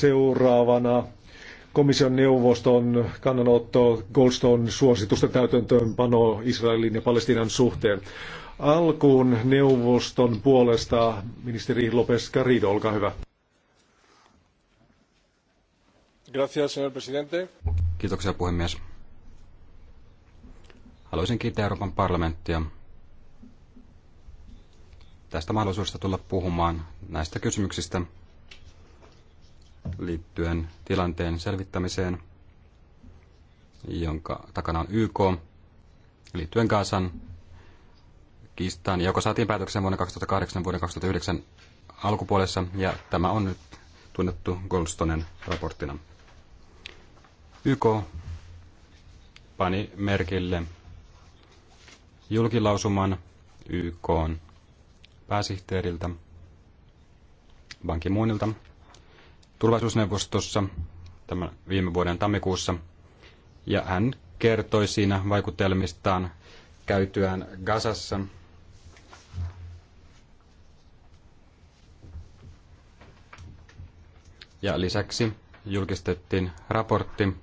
Seuraavana komission neuvoston kannanotto Goldstone-suositusten täytäntöönpano Israelin ja Palestiinan suhteen. Alkuun neuvoston puolesta ministeri López Garrido, olkaa hyvä. Gracias, señor presidente. Kiitoksia puhemies. Haluaisin kiittää Euroopan parlamenttia tästä mahdollisuudesta tulla puhumaan näistä kysymyksistä, liittyen tilanteen selvittämiseen, jonka takana on YK, liittyen Gazan kiistaan, joka saatiin päätöksen vuonna 2008 vuoden 2009 alkupuolessa, ja tämä on nyt tunnettu Goldstonen raporttina. YK pani merkille julkilausuman YK pääsihteeriltä Ban Ki-moonilta turvallisuusneuvostossa tämän viime vuoden tammikuussa. Ja hän kertoi siinä vaikutelmistaan käytyään Gazassa. Ja lisäksi julkistettiin raportti,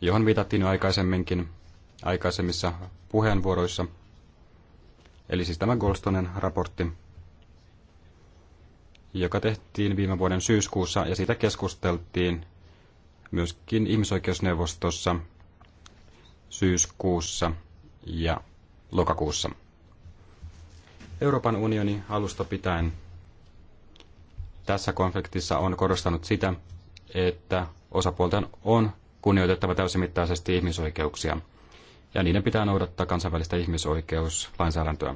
johon viitattiin jo aikaisemminkin aikaisemmissa puheenvuoroissa. Eli siis tämä Goldstonen raportti joka tehtiin viime vuoden syyskuussa ja siitä keskusteltiin myöskin ihmisoikeusneuvostossa syyskuussa ja lokakuussa. Euroopan unioni alusta pitäen tässä konfliktissa on korostanut sitä, että osapuolten on kunnioitettava täysimittaisesti ihmisoikeuksia, ja niiden pitää noudattaa kansainvälistä ihmisoikeuslainsäädäntöä.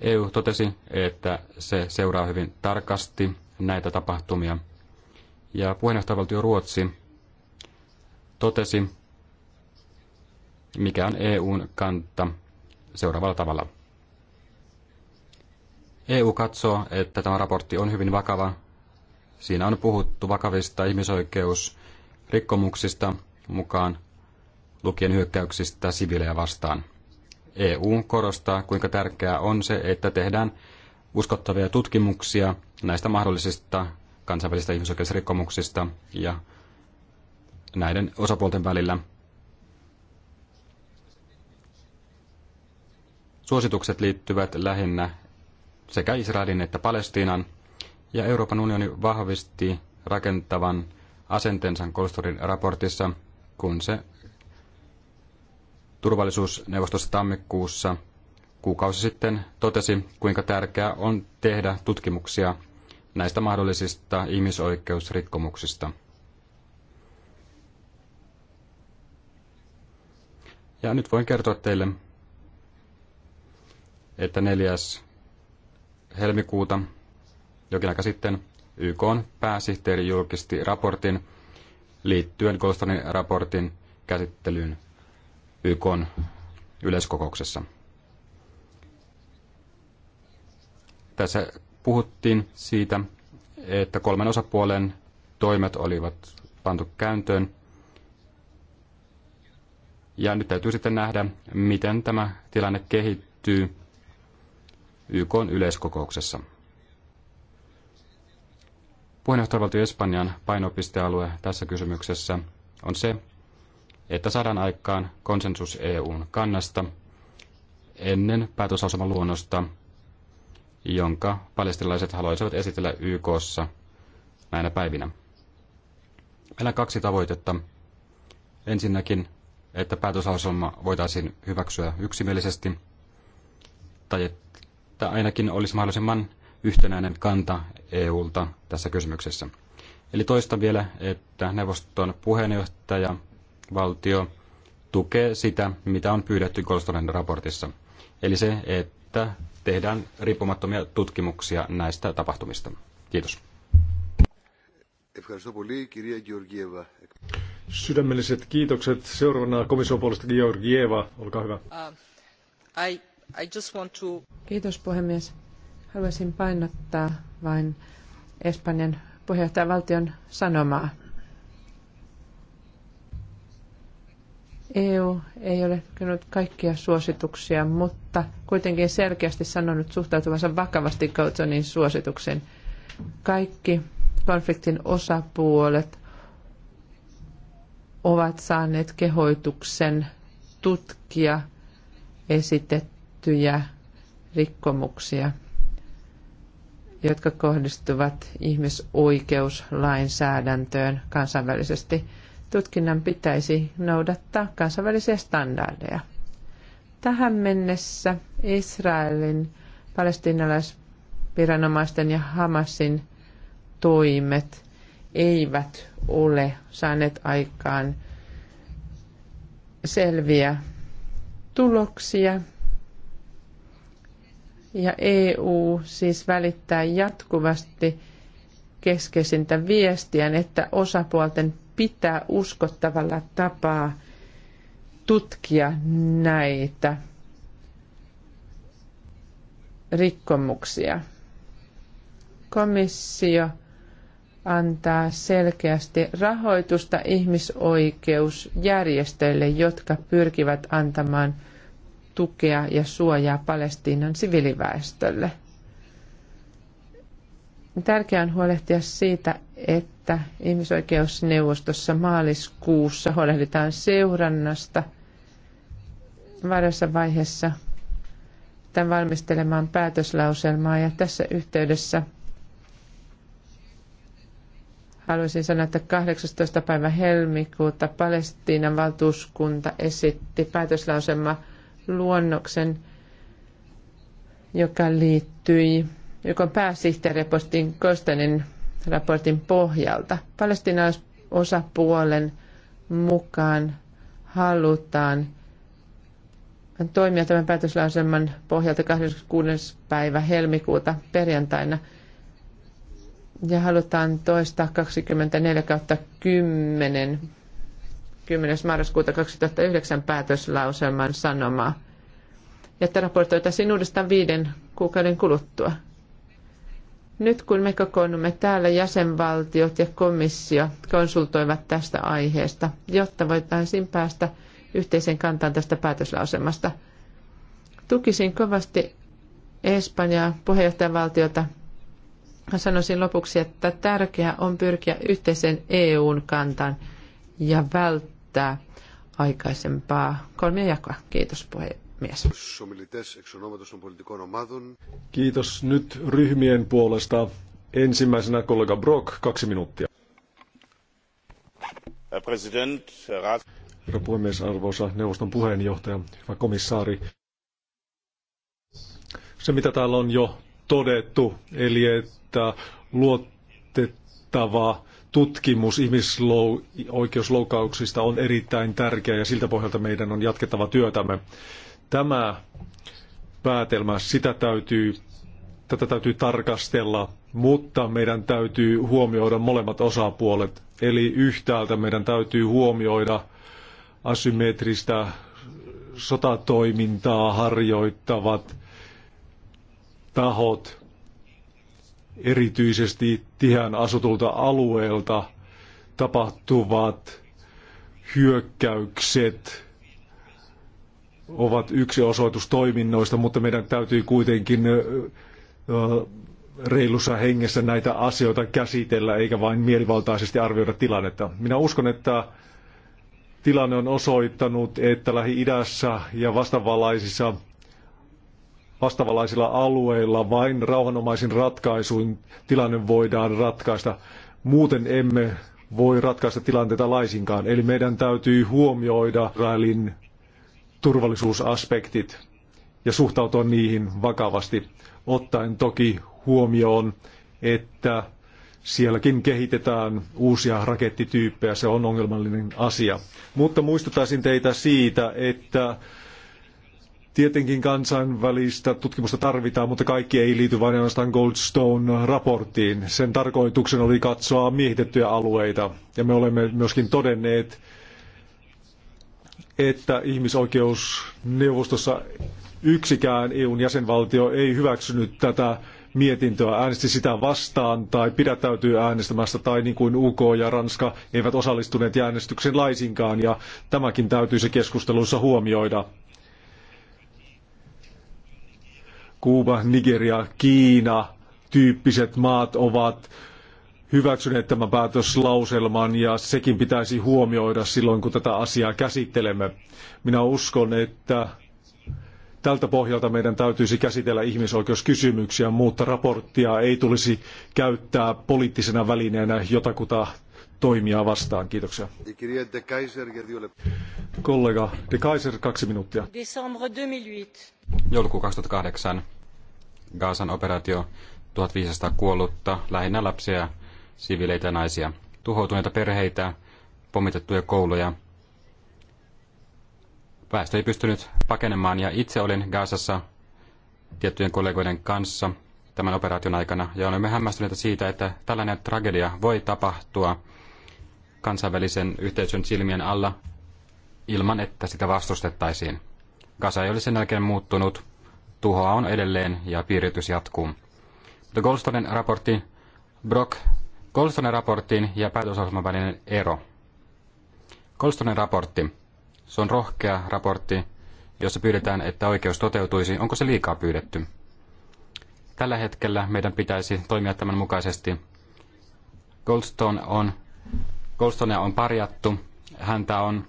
EU totesi, että se seuraa hyvin tarkasti näitä tapahtumia. Ja puheenjohtajavaltio Ruotsi totesi, mikä on EUn kanta seuraavalla tavalla. EU katsoo, että tämä raportti on hyvin vakava. Siinä on puhuttu vakavista ihmisoikeusrikkomuksista mukaan lukien hyökkäyksistä siviilejä vastaan – EU korostaa, kuinka tärkeää on se, että tehdään uskottavia tutkimuksia näistä mahdollisista kansainvälisistä ihmisoikeusrikkomuksista ja näiden osapuolten välillä. Suositukset liittyvät lähinnä sekä Israelin että Palestiinan, ja Euroopan unioni vahvisti rakentavan asenteensa Kolstorin raportissa, kun se turvallisuusneuvostossa tammikuussa kuukausi sitten totesi, kuinka tärkeää on tehdä tutkimuksia näistä mahdollisista ihmisoikeusrikkomuksista. Ja nyt voin kertoa teille, että 4. helmikuuta jokin aika sitten YK pääsihteeri julkisti raportin liittyen Goldstonein raportin käsittelyyn YK yleiskokouksessa. Tässä puhuttiin siitä, että kolmen osapuolen toimet olivat pantu käyntöön. Ja nyt täytyy sitten nähdä, miten tämä tilanne kehittyy YK yleiskokouksessa. Puheenjohtajavaltio Espanjan painopistealue tässä kysymyksessä on se, että saadaan aikaan konsensus EUn kannasta ennen päätösasemaluonnosta, jonka palestinalaiset haluaisivat esitellä YKssa näinä päivinä. Meillä on kaksi tavoitetta. Ensinnäkin, että päätöslauselma voitaisiin hyväksyä yksimielisesti, tai että ainakin olisi mahdollisimman yhtenäinen kanta EUlta tässä kysymyksessä. Eli toista vielä, että neuvoston puheenjohtaja valtio tukee sitä, mitä on pyydetty Goldstonen raportissa. Eli se, että tehdään riippumattomia tutkimuksia näistä tapahtumista. Kiitos. Sydämelliset kiitokset. Seuraavana komission puolesta Georgieva, olkaa hyvä. Uh, Kiitos puhemies. Haluaisin painottaa vain Espanjan puheenjohtajavaltion sanomaa. EU ei ole tehnyt kaikkia suosituksia, mutta kuitenkin selkeästi sanonut suhtautuvansa vakavasti Goldsonin suosituksen. Kaikki konfliktin osapuolet ovat saaneet kehoituksen tutkia esitettyjä rikkomuksia, jotka kohdistuvat ihmisoikeuslainsäädäntöön kansainvälisesti tutkinnan pitäisi noudattaa kansainvälisiä standardeja. Tähän mennessä Israelin, palestinalaisviranomaisten ja Hamasin toimet eivät ole saaneet aikaan selviä tuloksia. Ja EU siis välittää jatkuvasti keskeisintä viestiä, että osapuolten pitää uskottavalla tapaa tutkia näitä rikkomuksia. Komissio antaa selkeästi rahoitusta ihmisoikeusjärjestöille, jotka pyrkivät antamaan tukea ja suojaa Palestiinan siviliväestölle. Tärkeää on huolehtia siitä, että että ihmisoikeusneuvostossa maaliskuussa huolehditaan seurannasta varassa vaiheessa tämän valmistelemaan päätöslauselmaa ja tässä yhteydessä haluaisin sanoa, että 18. päivä helmikuuta Palestiinan valtuuskunta esitti päätöslauselma luonnoksen, joka liittyi pääsihteeri pääsihteeripostin Kostanin raportin pohjalta. Palestinaisosapuolen mukaan halutaan toimia tämän päätöslauselman pohjalta 26. päivä helmikuuta perjantaina. Ja halutaan toistaa 24 kautta 10, 10. marraskuuta 2009 päätöslauselman sanomaa. Ja että raportoitaisiin uudestaan viiden kuukauden kuluttua. Nyt kun me kokoonnumme täällä, jäsenvaltiot ja komissio konsultoivat tästä aiheesta, jotta voitaisiin päästä yhteisen kantaan tästä päätöslausemasta. Tukisin kovasti Espanjaa puheenjohtajavaltiota. Sanoisin lopuksi, että tärkeää on pyrkiä yhteisen EUn kantaan ja välttää aikaisempaa kolmien jakoa. Kiitos puheenjohtaja mies. Kiitos nyt ryhmien puolesta. Ensimmäisenä kollega Brock, kaksi minuuttia. Herra puhemies, arvoisa neuvoston puheenjohtaja, hyvä komissaari. Se, mitä täällä on jo todettu, eli että luotettava tutkimus ihmisoikeusloukauksista on erittäin tärkeä ja siltä pohjalta meidän on jatkettava työtämme. Tämä päätelmä, sitä täytyy, tätä täytyy tarkastella, mutta meidän täytyy huomioida molemmat osapuolet. Eli yhtäältä meidän täytyy huomioida asymmetristä sotatoimintaa harjoittavat tahot, erityisesti tiheän asutulta alueelta tapahtuvat hyökkäykset ovat yksi osoitus toiminnoista, mutta meidän täytyy kuitenkin reilussa hengessä näitä asioita käsitellä, eikä vain mielivaltaisesti arvioida tilannetta. Minä uskon, että tilanne on osoittanut, että Lähi-idässä ja vastavalaisissa vastavalaisilla alueilla vain rauhanomaisin ratkaisuin tilanne voidaan ratkaista. Muuten emme voi ratkaista tilanteita laisinkaan. Eli meidän täytyy huomioida Israelin turvallisuusaspektit ja suhtautua niihin vakavasti, ottaen toki huomioon, että sielläkin kehitetään uusia rakettityyppejä, se on ongelmallinen asia. Mutta muistuttaisin teitä siitä, että tietenkin kansainvälistä tutkimusta tarvitaan, mutta kaikki ei liity vain ainoastaan Goldstone-raporttiin. Sen tarkoituksena oli katsoa miehitettyjä alueita, ja me olemme myöskin todenneet, että ihmisoikeusneuvostossa yksikään EUn jäsenvaltio ei hyväksynyt tätä mietintöä, äänesti sitä vastaan tai pidättäytyy äänestämästä tai niin kuin UK ja Ranska eivät osallistuneet äänestyksen laisinkaan ja tämäkin täytyisi keskusteluissa huomioida. Kuuba, Nigeria, Kiina tyyppiset maat ovat hyväksyneet tämän päätöslauselman ja sekin pitäisi huomioida silloin, kun tätä asiaa käsittelemme. Minä uskon, että tältä pohjalta meidän täytyisi käsitellä ihmisoikeuskysymyksiä, mutta raporttia ei tulisi käyttää poliittisena välineenä jotakuta toimia vastaan. Kiitoksia. Kollega De Kaiser, kaksi minuuttia. Joulukuu 2008, Gaasan operaatio, 1500 kuollutta, lähinnä lapsia siviileitä ja naisia, tuhoutuneita perheitä, pommitettuja kouluja. Väestö ei pystynyt pakenemaan ja itse olin Gaasassa tiettyjen kollegoiden kanssa tämän operaation aikana ja olemme hämmästyneitä siitä, että tällainen tragedia voi tapahtua kansainvälisen yhteisön silmien alla ilman, että sitä vastustettaisiin. Gaza ei ole sen jälkeen muuttunut, tuhoa on edelleen ja piiritys jatkuu. Mutta Goldstonen raportti Brock Kolstonen raportin ja päätösohjelman välinen ero. Kolstonen raportti. Se on rohkea raportti, jossa pyydetään, että oikeus toteutuisi. Onko se liikaa pyydetty? Tällä hetkellä meidän pitäisi toimia tämän mukaisesti. Goldstone on, Goldstone on parjattu, häntä on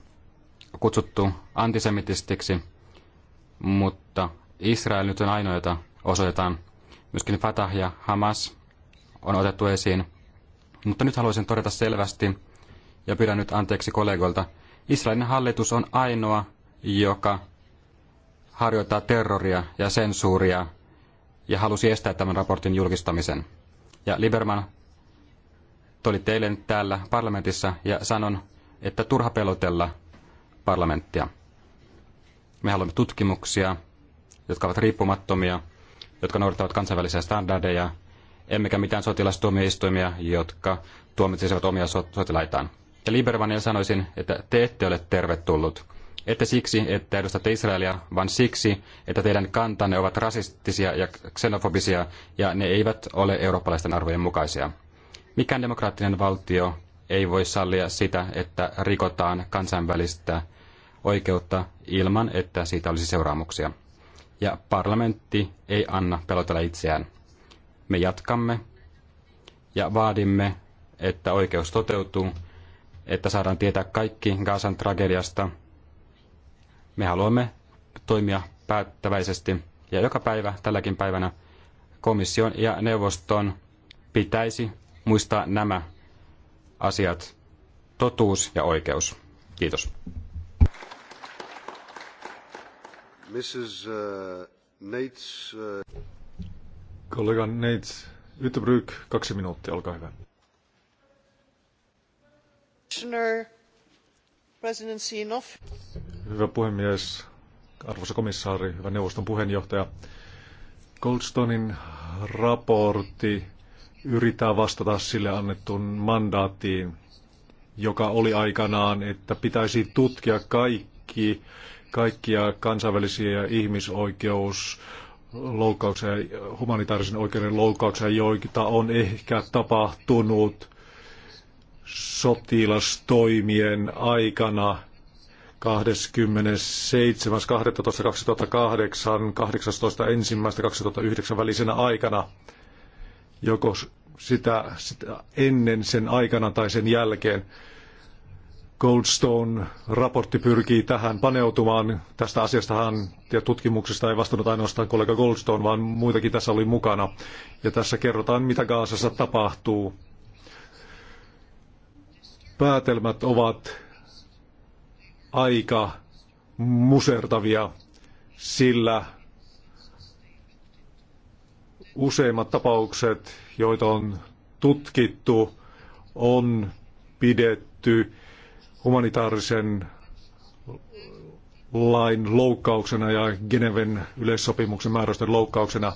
kutsuttu antisemitistiksi, mutta Israel nyt on ainoa, jota osoitetaan. Myöskin Fatah ja Hamas on otettu esiin. Mutta nyt haluaisin todeta selvästi, ja pyydän nyt anteeksi kollegoilta, Israelin hallitus on ainoa, joka harjoittaa terroria ja sensuuria ja halusi estää tämän raportin julkistamisen. Ja Liberman, tuli teille täällä parlamentissa ja sanon, että turha pelotella parlamenttia. Me haluamme tutkimuksia, jotka ovat riippumattomia, jotka noudattavat kansainvälisiä standardeja, emmekä mitään sotilastuomioistuimia, jotka tuomitsisivat omia sotilaitaan. Ja Liebermanille sanoisin, että te ette ole tervetullut. Ette siksi, että edustatte Israelia, vaan siksi, että teidän kantanne ovat rasistisia ja xenofobisia, ja ne eivät ole eurooppalaisten arvojen mukaisia. Mikään demokraattinen valtio ei voi sallia sitä, että rikotaan kansainvälistä oikeutta ilman, että siitä olisi seuraamuksia. Ja parlamentti ei anna pelotella itseään. Me jatkamme ja vaadimme, että oikeus toteutuu, että saadaan tietää kaikki Gaasan tragediasta. Me haluamme toimia päättäväisesti ja joka päivä, tälläkin päivänä, komission ja neuvoston pitäisi muistaa nämä asiat, totuus ja oikeus. Kiitos. Mrs. Uh, Nates, uh, Kollega Neits Yttebryk, kaksi minuuttia, olkaa hyvä. Hyvä puhemies, arvoisa komissaari, hyvä neuvoston puheenjohtaja. Goldstonin raportti yrittää vastata sille annettuun mandaattiin, joka oli aikanaan, että pitäisi tutkia kaikki, kaikkia kansainvälisiä ihmisoikeus loukkauksia, humanitaarisen oikeuden loukkauksia, joita on ehkä tapahtunut sotilastoimien aikana 27.12.2008, 18.1.2009 välisenä aikana, joko sitä, sitä ennen sen aikana tai sen jälkeen. Goldstone-raportti pyrkii tähän paneutumaan. Tästä asiastahan ja tutkimuksesta ei vastannut ainoastaan kollega Goldstone, vaan muitakin tässä oli mukana. Ja tässä kerrotaan, mitä Gaasassa tapahtuu. Päätelmät ovat aika musertavia, sillä useimmat tapaukset, joita on tutkittu, on pidetty humanitaarisen lain loukkauksena ja Geneven yleissopimuksen määräysten loukkauksena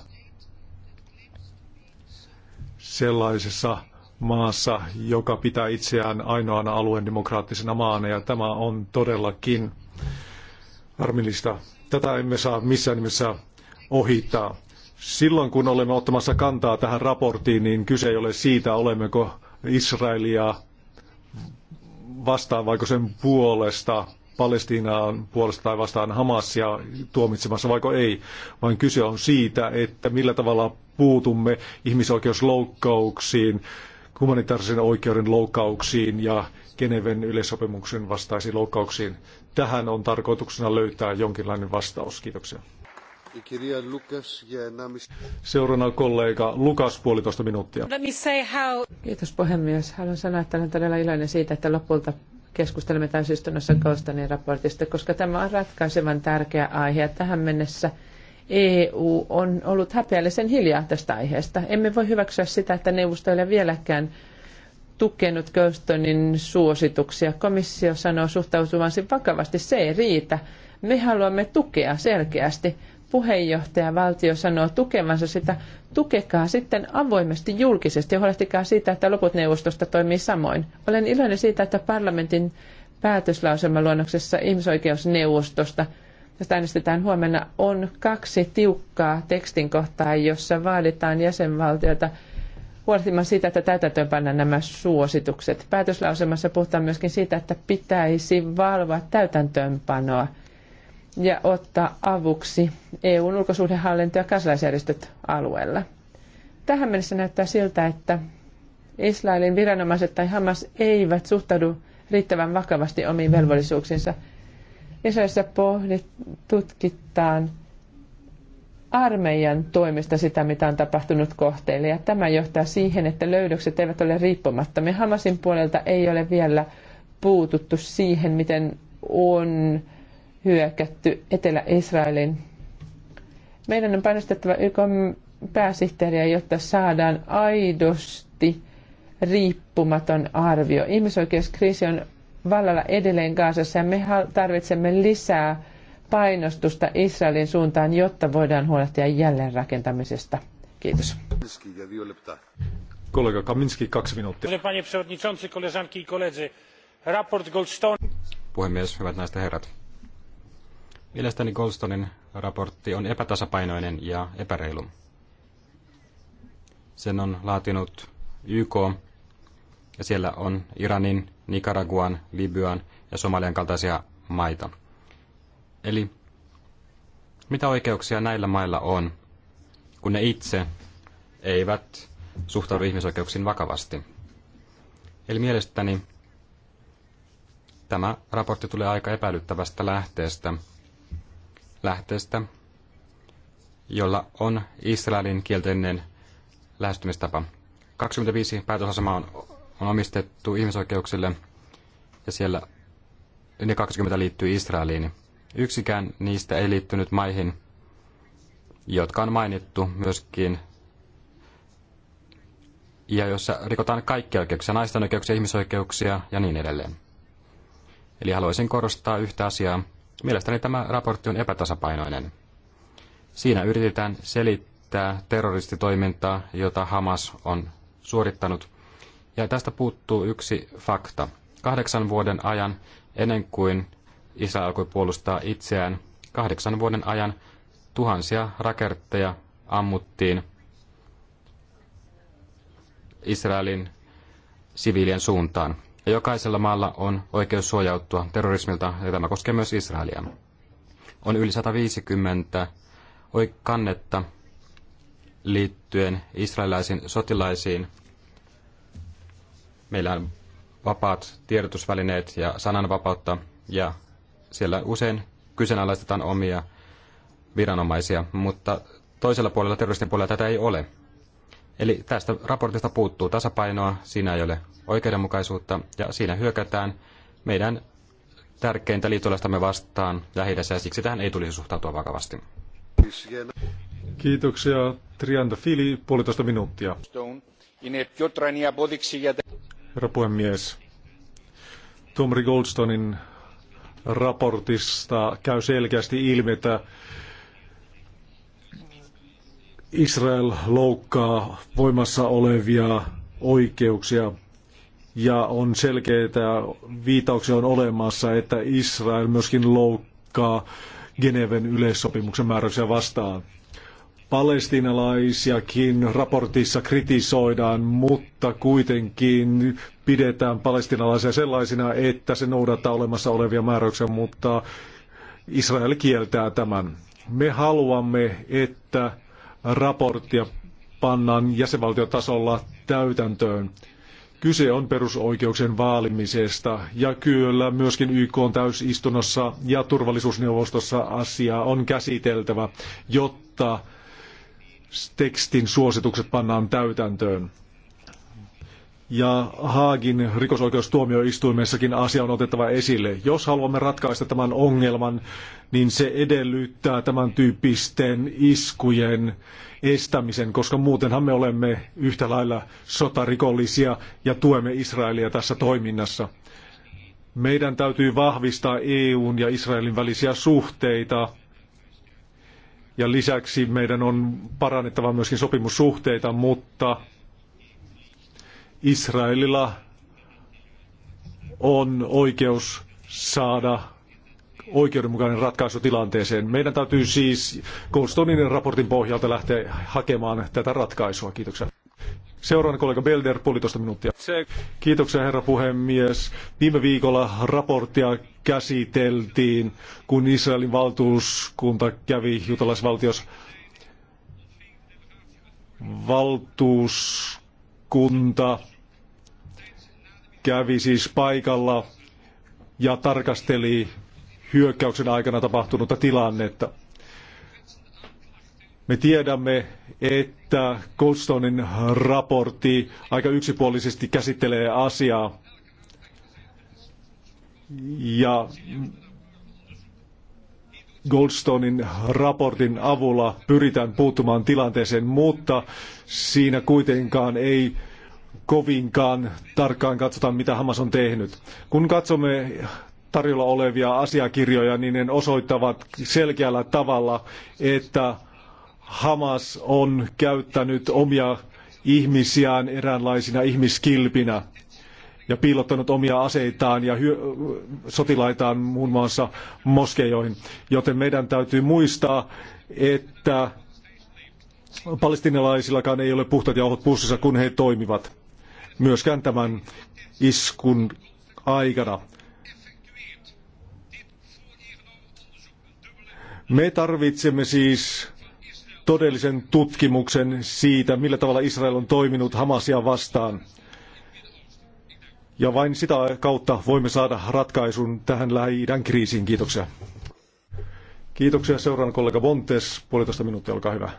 sellaisessa maassa, joka pitää itseään ainoana alueen demokraattisena maana, ja tämä on todellakin harmillista. Tätä emme saa missään nimessä ohittaa. Silloin kun olemme ottamassa kantaa tähän raporttiin, niin kyse ei ole siitä, olemmeko Israelia vastaan vaiko sen puolesta, Palestiinaan puolesta tai vastaan Hamasia tuomitsemassa vaiko ei, vaan kyse on siitä, että millä tavalla puutumme ihmisoikeusloukkauksiin, humanitaarisen oikeuden loukkauksiin ja Geneven yleissopimuksen vastaisiin loukkauksiin. Tähän on tarkoituksena löytää jonkinlainen vastaus. Kiitoksia. Seurana kollega Lukas, puolitoista minuuttia. Let me say how... Kiitos puhemies. Haluan sanoa, että olen todella iloinen siitä, että lopulta keskustelemme täysistunnossa Kostanin raportista, koska tämä on ratkaisevan tärkeä aihe. Tähän mennessä EU on ollut häpeällisen hiljaa tästä aiheesta. Emme voi hyväksyä sitä, että neuvosto ei ole vieläkään tukenut Goldstonin suosituksia. Komissio sanoo suhtautuvansa vakavasti, se ei riitä. Me haluamme tukea selkeästi valtio sanoo tukemansa sitä, tukekaa sitten avoimesti julkisesti ja huolehtikaa siitä, että loput neuvostosta toimii samoin. Olen iloinen siitä, että parlamentin päätöslauselmaluonnoksessa ihmisoikeusneuvostosta, josta äänestetään huomenna, on kaksi tiukkaa tekstin kohtaa, jossa vaaditaan jäsenvaltiota huolehtimaan siitä, että täytäntöön pannaan nämä suositukset. Päätöslauselmassa puhutaan myöskin siitä, että pitäisi valvoa täytäntöönpanoa – ja ottaa avuksi EUn ulkosuhdehallinto ja kansalaisjärjestöt alueella. Tähän mennessä näyttää siltä, että Israelin viranomaiset tai Hamas eivät suhtaudu riittävän vakavasti omiin velvollisuuksiinsa. Israelissa pohdit, tutkitaan armeijan toimista sitä, mitä on tapahtunut kohteille, ja tämä johtaa siihen, että löydökset eivät ole riippumattomia. Hamasin puolelta ei ole vielä puututtu siihen, miten on hyökätty Etelä-Israelin. Meidän on painostettava YK pääsihteeriä, jotta saadaan aidosti riippumaton arvio. Ihmisoikeuskriisi on vallalla edelleen Gaasassa ja me tarvitsemme lisää painostusta Israelin suuntaan, jotta voidaan huolehtia jälleenrakentamisesta. Kiitos. Kollega Kaminski, kaksi minuuttia. Raport Goldstone. Puhemies, hyvät naiset ja herrat Mielestäni Goldstonin raportti on epätasapainoinen ja epäreilu. Sen on laatinut YK, ja siellä on Iranin, Nicaraguan, Libyan ja Somalian kaltaisia maita. Eli mitä oikeuksia näillä mailla on, kun ne itse eivät suhtaudu ihmisoikeuksiin vakavasti? Eli mielestäni tämä raportti tulee aika epäilyttävästä lähteestä – lähteestä, jolla on Israelin kielteinen lähestymistapa. 25 päätösasemaa on, on omistettu ihmisoikeuksille ja siellä yli 20 liittyy Israeliin. Yksikään niistä ei liittynyt maihin, jotka on mainittu myöskin ja jossa rikotaan kaikkia oikeuksia, naisten oikeuksia, ihmisoikeuksia ja niin edelleen. Eli haluaisin korostaa yhtä asiaa, Mielestäni tämä raportti on epätasapainoinen. Siinä yritetään selittää terroristitoimintaa, jota Hamas on suorittanut. Ja tästä puuttuu yksi fakta. Kahdeksan vuoden ajan, ennen kuin Israel alkoi puolustaa itseään, kahdeksan vuoden ajan tuhansia raketteja ammuttiin Israelin siviilien suuntaan. Ja jokaisella maalla on oikeus suojautua terrorismilta, ja tämä koskee myös Israelia. On yli 150 kannetta liittyen israelilaisiin sotilaisiin. Meillä on vapaat tiedotusvälineet ja sananvapautta, ja siellä usein kyseenalaistetaan omia viranomaisia, mutta toisella puolella, terroristin puolella, tätä ei ole. Eli tästä raportista puuttuu tasapainoa, siinä ei ole oikeudenmukaisuutta ja siinä hyökätään meidän tärkeintä liittolaistamme vastaan lähidässä ja siksi tähän ei tulisi suhtautua vakavasti. Kiitoksia. Trianda Fili, puolitoista minuuttia. Herra puhemies, Tomri Goldstonin raportista käy selkeästi ilmi, että Israel loukkaa voimassa olevia oikeuksia ja on selkeitä viitauksia on olemassa, että Israel myöskin loukkaa Geneven yleissopimuksen määräyksiä vastaan. Palestiinalaisiakin raportissa kritisoidaan, mutta kuitenkin pidetään palestiinalaisia sellaisina, että se noudattaa olemassa olevia määräyksiä, mutta Israel kieltää tämän. Me haluamme, että raporttia pannaan jäsenvaltiotasolla täytäntöön. Kyse on perusoikeuksien vaalimisesta ja kyllä myöskin YK on täysistunnossa ja turvallisuusneuvostossa asiaa on käsiteltävä, jotta tekstin suositukset pannaan täytäntöön ja Haagin rikosoikeustuomioistuimessakin asia on otettava esille. Jos haluamme ratkaista tämän ongelman, niin se edellyttää tämän tyyppisten iskujen estämisen, koska muutenhan me olemme yhtä lailla sotarikollisia ja tuemme Israelia tässä toiminnassa. Meidän täytyy vahvistaa EUn ja Israelin välisiä suhteita. Ja lisäksi meidän on parannettava myöskin sopimussuhteita, mutta Israelilla on oikeus saada oikeudenmukainen ratkaisu tilanteeseen. Meidän täytyy siis Goldstonein raportin pohjalta lähteä hakemaan tätä ratkaisua. Kiitoksia. Seuraavana kollega Belder, puolitoista minuuttia. Kiitoksia herra puhemies. Viime viikolla raporttia käsiteltiin, kun Israelin valtuuskunta kävi juutalaisvaltiossa. Valtuuskunta kävi siis paikalla ja tarkasteli hyökkäyksen aikana tapahtunutta tilannetta. Me tiedämme, että Goldstonein raportti aika yksipuolisesti käsittelee asiaa. Ja Goldstonein raportin avulla pyritään puuttumaan tilanteeseen, mutta siinä kuitenkaan ei kovinkaan tarkkaan katsota, mitä Hamas on tehnyt. Kun katsomme tarjolla olevia asiakirjoja, niin ne osoittavat selkeällä tavalla, että Hamas on käyttänyt omia ihmisiään eräänlaisina ihmiskilpinä ja piilottanut omia aseitaan ja sotilaitaan muun muassa moskeijoihin. Joten meidän täytyy muistaa, että palestinalaisillakaan ei ole puhtaat jauhot pussissa, kun he toimivat myöskään tämän iskun aikana. Me tarvitsemme siis todellisen tutkimuksen siitä, millä tavalla Israel on toiminut Hamasia vastaan. Ja vain sitä kautta voimme saada ratkaisun tähän Lähi-idän kriisiin. Kiitoksia. Kiitoksia. Seuraan kollega Bontes. Puolitoista minuuttia, olkaa hyvä.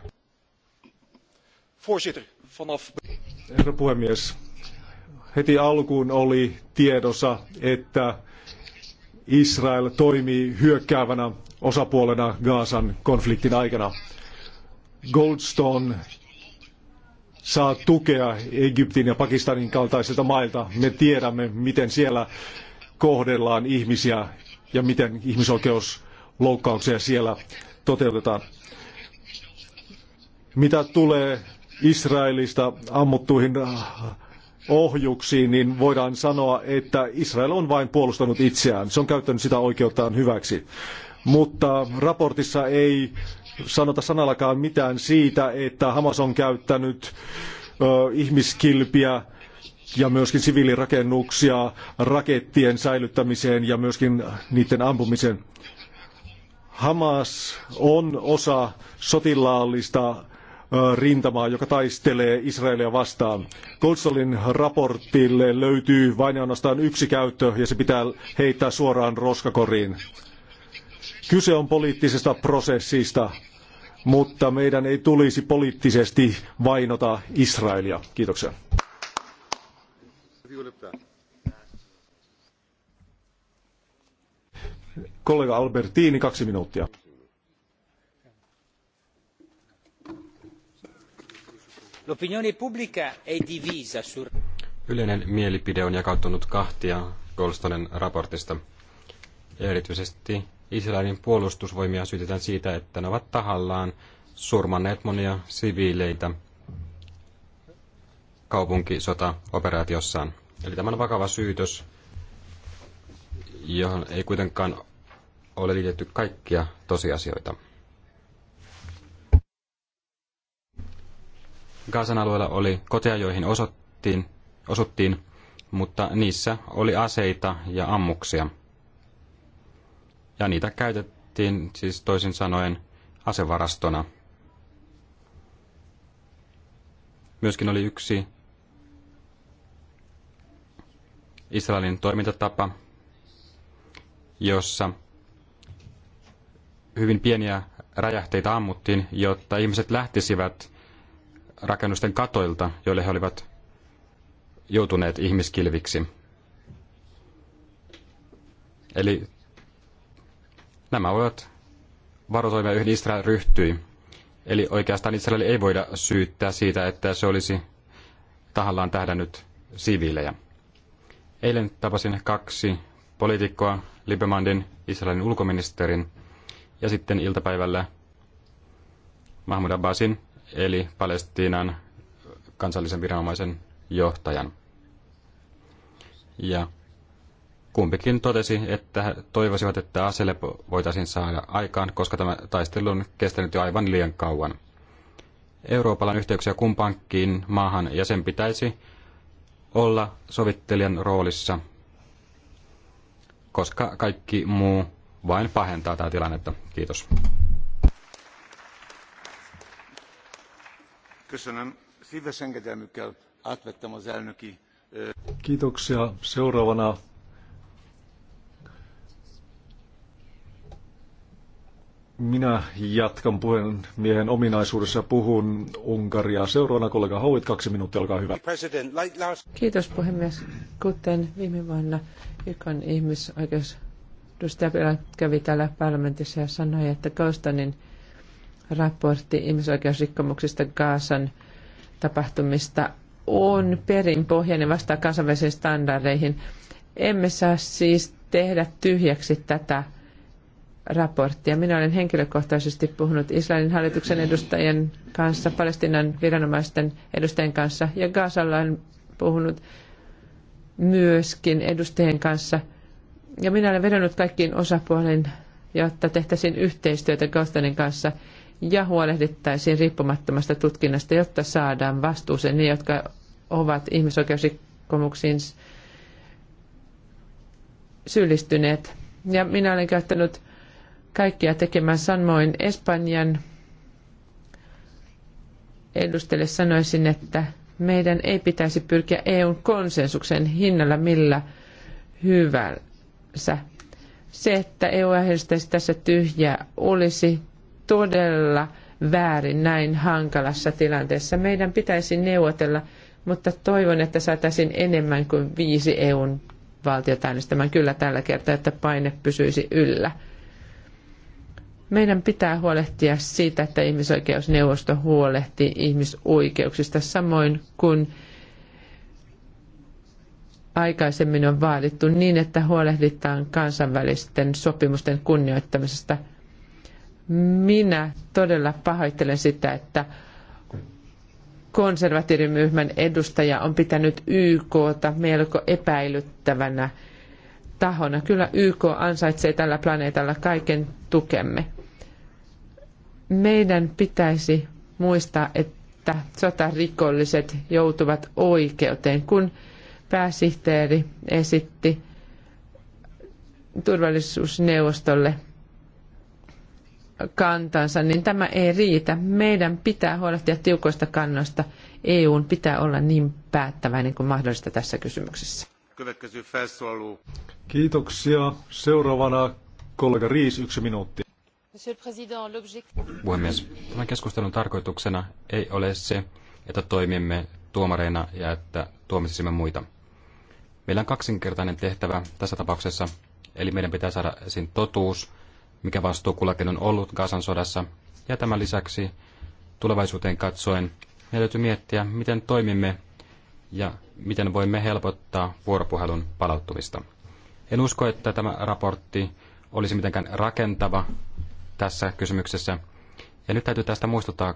Herra puhemies, heti alkuun oli tiedossa, että Israel toimii hyökkäävänä osapuolena Gaasan konfliktin aikana. Goldstone saa tukea Egyptin ja Pakistanin kaltaisilta mailta. Me tiedämme, miten siellä kohdellaan ihmisiä ja miten ihmisoikeusloukkauksia siellä toteutetaan. Mitä tulee Israelista ammuttuihin ohjuksiin, niin voidaan sanoa, että Israel on vain puolustanut itseään. Se on käyttänyt sitä oikeuttaan hyväksi. Mutta raportissa ei sanota sanallakaan mitään siitä, että Hamas on käyttänyt ö, ihmiskilpiä ja myöskin siviilirakennuksia rakettien säilyttämiseen ja myöskin niiden ampumiseen. Hamas on osa sotilaallista Äh, rintamaa, joka taistelee Israelia vastaan. Goldstallin raportille löytyy vain ainoastaan yksi käyttö ja se pitää heittää suoraan roskakoriin. Kyse on poliittisesta prosessista, mutta meidän ei tulisi poliittisesti vainota Israelia. Kiitoksia. Kollega Albertini, kaksi minuuttia. Yleinen mielipide on jakautunut kahtia Goldstonen raportista. Erityisesti Israelin puolustusvoimia syytetään siitä, että ne ovat tahallaan surmanneet monia siviileitä kaupunkisota-operaatiossaan. Eli tämä on vakava syytös, johon ei kuitenkaan ole liitetty kaikkia tosiasioita. Gaasan alueella oli koteja, joihin osuttiin, mutta niissä oli aseita ja ammuksia. Ja niitä käytettiin siis toisin sanoen asevarastona. Myöskin oli yksi Israelin toimintatapa, jossa hyvin pieniä räjähteitä ammuttiin, jotta ihmiset lähtisivät rakennusten katoilta, joille he olivat joutuneet ihmiskilviksi. Eli nämä olivat varotoimia, joihin Israel ryhtyi. Eli oikeastaan Israel ei voida syyttää siitä, että se olisi tahallaan tähdännyt siviilejä. Eilen tapasin kaksi poliitikkoa, Libemandin, Israelin ulkoministerin, ja sitten iltapäivällä Mahmoud Abbasin, eli Palestiinan kansallisen viranomaisen johtajan. Ja kumpikin totesi, että he toivoisivat, että aselepo voitaisiin saada aikaan, koska tämä taistelu on kestänyt jo aivan liian kauan. Euroopalla on yhteyksiä kumpaankin maahan ja sen pitäisi olla sovittelijan roolissa, koska kaikki muu vain pahentaa tätä tilannetta. Kiitos. Kiitoksia. Seuraavana minä jatkan puhemiehen ominaisuudessa puhun Unkaria. Seuraavana kollega Hauit, kaksi minuuttia, olkaa hyvä. Kiitos puhemies. Kuten viime vuonna YKn ihmisoikeus Dustabilan kävi täällä parlamentissa ja sanoi, että Kostanin raportti ihmisoikeusrikkomuksista Gaasan tapahtumista on perinpohjainen vastaa kansainvälisiin standardeihin. Emme saa siis tehdä tyhjäksi tätä raporttia. Minä olen henkilökohtaisesti puhunut Israelin hallituksen edustajien kanssa, Palestinan viranomaisten edustajien kanssa ja Gaasalla on puhunut myöskin edustajien kanssa. Ja minä olen vedonnut kaikkiin osapuolen, jotta tehtäisiin yhteistyötä Gostanin kanssa ja huolehdittaisiin riippumattomasta tutkinnasta, jotta saadaan vastuuseen ne, jotka ovat ihmisoikeusrikkomuksiin syyllistyneet. Ja minä olen käyttänyt kaikkia tekemään samoin Espanjan edustajille sanoisin, että meidän ei pitäisi pyrkiä EUn konsensuksen hinnalla millä hyvänsä. Se, että EU aiheuttaisi tässä tyhjää, olisi todella väärin näin hankalassa tilanteessa. Meidän pitäisi neuvotella, mutta toivon, että saataisiin enemmän kuin viisi EUn valtiota äänestämään kyllä tällä kertaa, että paine pysyisi yllä. Meidän pitää huolehtia siitä, että ihmisoikeusneuvosto huolehtii ihmisoikeuksista samoin kuin aikaisemmin on vaadittu niin, että huolehditaan kansainvälisten sopimusten kunnioittamisesta – minä todella pahoittelen sitä, että konservatiiviryhmän edustaja on pitänyt YKta melko epäilyttävänä tahona. Kyllä YK ansaitsee tällä planeetalla kaiken tukemme. Meidän pitäisi muistaa, että sotarikolliset joutuvat oikeuteen, kun pääsihteeri esitti turvallisuusneuvostolle kantansa, niin tämä ei riitä. Meidän pitää huolehtia tiukoista kannoista. EUn pitää olla niin päättäväinen kuin mahdollista tässä kysymyksessä. Kiitoksia. Seuraavana kollega Riis, yksi minuutti. Puhemies, tämän keskustelun tarkoituksena ei ole se, että toimimme tuomareina ja että tuomitsisimme muita. Meillä on kaksinkertainen tehtävä tässä tapauksessa, eli meidän pitää saada esiin totuus – mikä vastuu kullakin on ollut Gazan sodassa. Ja tämän lisäksi tulevaisuuteen katsoen meidän täytyy miettiä, miten toimimme ja miten voimme helpottaa vuoropuhelun palauttumista. En usko, että tämä raportti olisi mitenkään rakentava tässä kysymyksessä. Ja nyt täytyy tästä muistuttaa,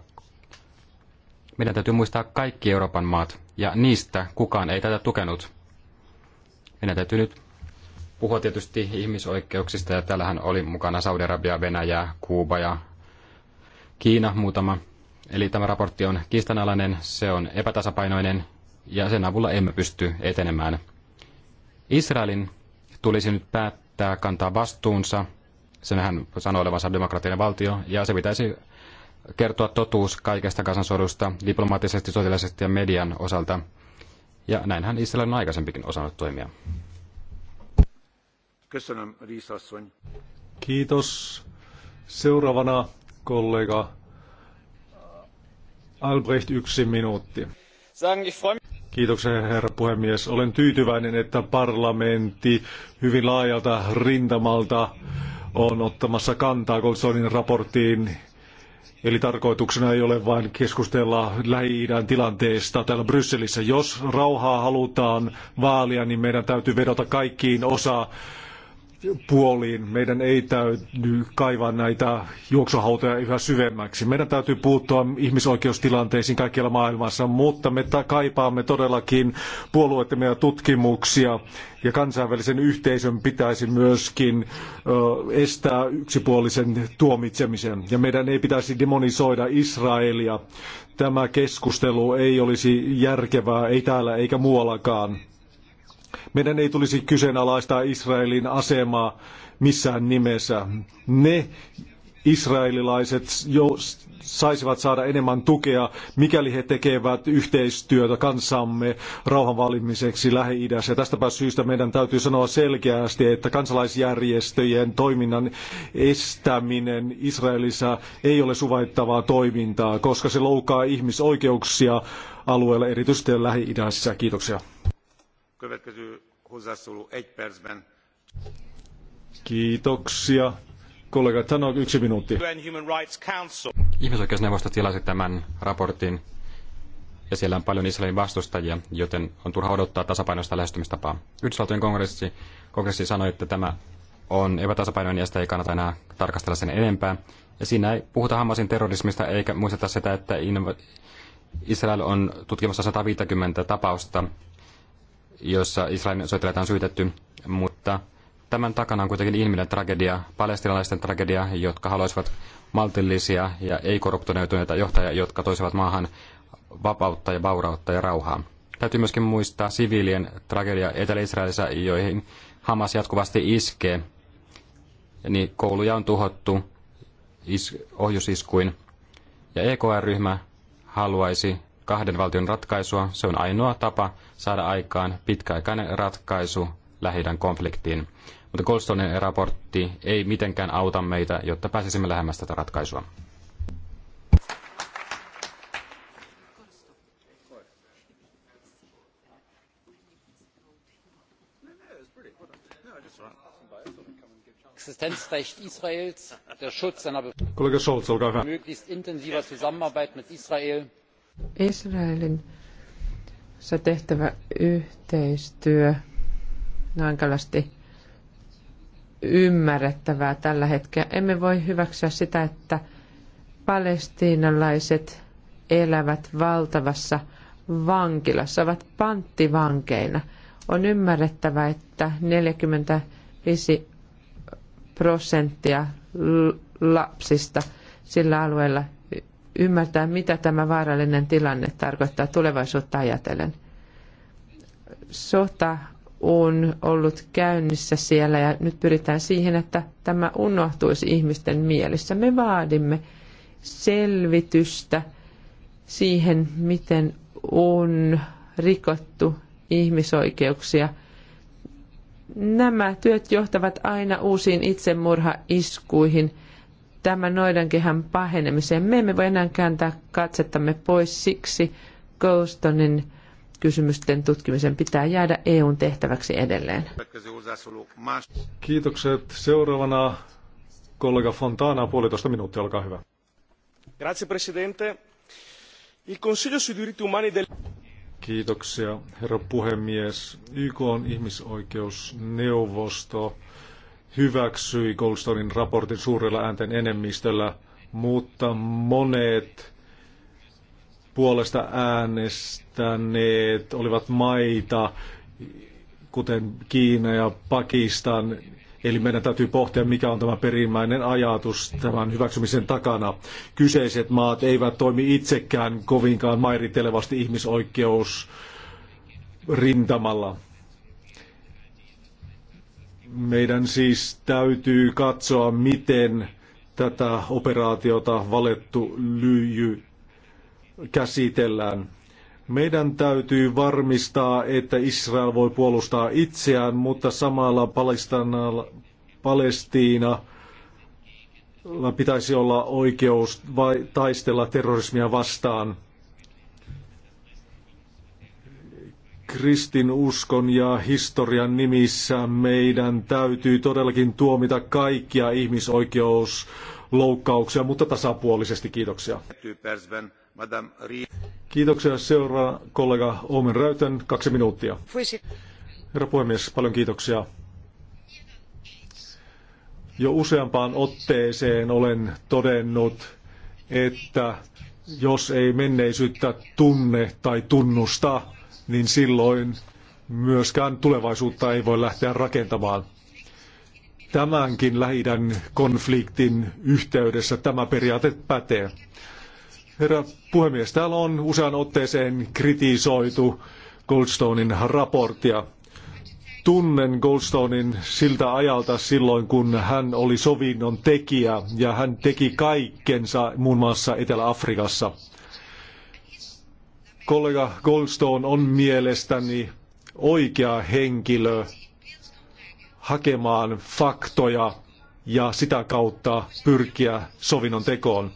meidän täytyy muistaa kaikki Euroopan maat, ja niistä kukaan ei tätä tukenut. Meidän täytyy nyt puhua tietysti ihmisoikeuksista ja täällähän oli mukana Saudi-Arabia, Venäjä, Kuuba ja Kiina muutama. Eli tämä raportti on kiistanalainen, se on epätasapainoinen ja sen avulla emme pysty etenemään. Israelin tulisi nyt päättää kantaa vastuunsa. Senhän sanoi olevansa demokraattinen valtio ja se pitäisi kertoa totuus kaikesta kansansodusta diplomaattisesti, sotilaisesti ja median osalta. Ja näinhän Israel on aikaisempikin osannut toimia. Köszönöm, Kiitos. Seuraavana kollega Albrecht yksi minuutti. Kiitoksia herra puhemies. Olen tyytyväinen, että parlamentti hyvin laajalta rintamalta on ottamassa kantaa Goldstonein raporttiin. Eli tarkoituksena ei ole vain keskustella Lähi-idän tilanteesta täällä Brysselissä. Jos rauhaa halutaan vaalia, niin meidän täytyy vedota kaikkiin osa puoliin. Meidän ei täytyy kaivaa näitä juoksuhautoja yhä syvemmäksi. Meidän täytyy puuttua ihmisoikeustilanteisiin kaikkialla maailmassa, mutta me kaipaamme todellakin puolueettomia ja tutkimuksia. Ja kansainvälisen yhteisön pitäisi myöskin estää yksipuolisen tuomitsemisen. Ja meidän ei pitäisi demonisoida Israelia. Tämä keskustelu ei olisi järkevää, ei täällä eikä muuallakaan. Meidän ei tulisi kyseenalaistaa Israelin asemaa missään nimessä. Ne israelilaiset jo saisivat saada enemmän tukea, mikäli he tekevät yhteistyötä kanssamme rauhan valimiseksi Lähi-idässä. Ja tästäpä syystä meidän täytyy sanoa selkeästi, että kansalaisjärjestöjen toiminnan estäminen Israelissa ei ole suvaittavaa toimintaa, koska se loukkaa ihmisoikeuksia alueella, erityisesti Lähi-idässä. Kiitoksia. Következő hozzászóló egy percben. Kiitoksia. Kollega Tanok, yksi minuutti. Ihmisoikeusneuvosto tilasi tämän raportin ja siellä on paljon Israelin vastustajia, joten on turha odottaa tasapainoista lähestymistapaa. Yhdysvaltojen kongressi, kongressi sanoi, että tämä on epätasapainoinen ja sitä ei kannata enää tarkastella sen enempää. Ja siinä ei puhuta Hamasin terrorismista eikä muisteta sitä, että Israel on tutkimassa 150 tapausta joissa Israelin sotilaita on syytetty, mutta tämän takana on kuitenkin ihminen tragedia, palestinalaisten tragedia, jotka haluaisivat maltillisia ja ei korruptoneutuneita johtajia, jotka toisivat maahan vapautta ja vaurautta ja rauhaa. Täytyy myöskin muistaa siviilien tragedia Etelä-Israelissa, joihin Hamas jatkuvasti iskee. Niin kouluja on tuhottu is- ohjusiskuin. Ja EKR-ryhmä haluaisi kahden valtion ratkaisua. Se on ainoa tapa saada aikaan pitkäaikainen ratkaisu lähi konfliktiin. Mutta Goldstonen raportti ei mitenkään auta meitä, jotta pääsisimme lähemmästä tätä ratkaisua. existenzrecht israels der schutz seiner bevölkerung möglichst intensiver zusammenarbeit mit israel Israelin se tehtävä yhteistyö on hankalasti ymmärrettävää tällä hetkellä. Emme voi hyväksyä sitä, että palestiinalaiset elävät valtavassa vankilassa, ovat panttivankeina. On ymmärrettävä, että 45 prosenttia lapsista sillä alueella ymmärtää, mitä tämä vaarallinen tilanne tarkoittaa tulevaisuutta ajatellen. Sota on ollut käynnissä siellä ja nyt pyritään siihen, että tämä unohtuisi ihmisten mielessä. Me vaadimme selvitystä siihen, miten on rikottu ihmisoikeuksia. Nämä työt johtavat aina uusiin itsemurhaiskuihin – tämän noidankehän pahenemiseen. Me emme voi enää kääntää katsettamme pois siksi Goustonin kysymysten tutkimisen pitää jäädä EUn tehtäväksi edelleen. Kiitokset. Seuraavana kollega Fontana, puolitoista minuuttia, olkaa hyvä. Grazie, presidente. Il Consiglio sui diritti umani del... Kiitoksia, herra puhemies. YK on ihmisoikeusneuvosto hyväksyi Goldstonein raportin suurella äänten enemmistöllä, mutta monet puolesta äänestäneet olivat maita, kuten Kiina ja Pakistan. Eli meidän täytyy pohtia, mikä on tämä perimmäinen ajatus tämän hyväksymisen takana. Kyseiset maat eivät toimi itsekään kovinkaan mairittelevasti ihmisoikeus rintamalla. Meidän siis täytyy katsoa, miten tätä operaatiota valettu lyijy käsitellään. Meidän täytyy varmistaa, että Israel voi puolustaa itseään, mutta samalla Palestiina pitäisi olla oikeus taistella terrorismia vastaan – Kristin uskon ja historian nimissä meidän täytyy todellakin tuomita kaikkia ihmisoikeusloukkauksia, mutta tasapuolisesti. Kiitoksia. Kiitoksia. Seuraa kollega Omen Räytön. Kaksi minuuttia. Herra puhemies, paljon kiitoksia. Jo useampaan otteeseen olen todennut, että jos ei menneisyyttä tunne tai tunnusta, niin silloin myöskään tulevaisuutta ei voi lähteä rakentamaan. Tämänkin lähi konfliktin yhteydessä tämä periaate pätee. Herra puhemies, täällä on usean otteeseen kritisoitu Goldstonein raporttia. Tunnen Goldstonein siltä ajalta silloin, kun hän oli sovinnon tekijä ja hän teki kaikkensa muun muassa Etelä-Afrikassa kollega Goldstone on mielestäni oikea henkilö hakemaan faktoja ja sitä kautta pyrkiä sovinnon tekoon.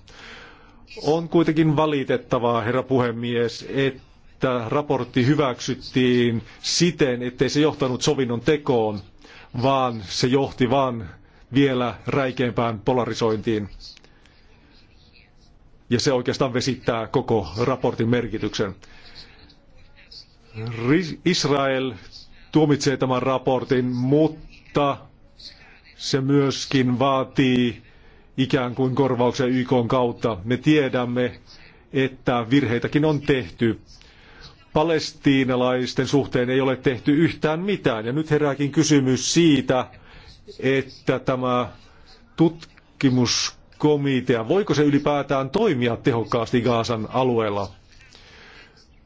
On kuitenkin valitettavaa, herra puhemies, että raportti hyväksyttiin siten, ettei se johtanut sovinnon tekoon, vaan se johti vain vielä räikeämpään polarisointiin ja se oikeastaan vesittää koko raportin merkityksen. Israel tuomitsee tämän raportin, mutta se myöskin vaatii ikään kuin korvauksen YK kautta. Me tiedämme, että virheitäkin on tehty. Palestiinalaisten suhteen ei ole tehty yhtään mitään. Ja nyt herääkin kysymys siitä, että tämä tutkimus komitea, voiko se ylipäätään toimia tehokkaasti Gaasan alueella?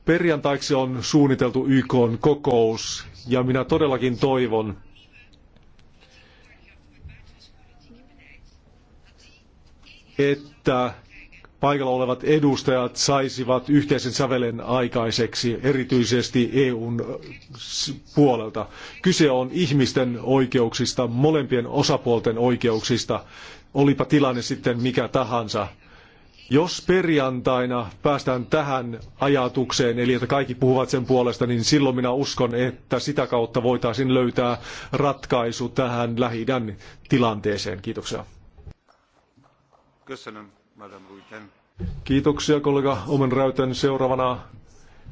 Perjantaiksi on suunniteltu YK kokous ja minä todellakin toivon, että paikalla olevat edustajat saisivat yhteisen sävelen aikaiseksi, erityisesti EUn puolelta. Kyse on ihmisten oikeuksista, molempien osapuolten oikeuksista, olipa tilanne sitten mikä tahansa. Jos perjantaina päästään tähän ajatukseen, eli että kaikki puhuvat sen puolesta, niin silloin minä uskon, että sitä kautta voitaisiin löytää ratkaisu tähän lähi tilanteeseen. Kiitoksia. Kiitoksia kollega Omen Räytön. Seuraavana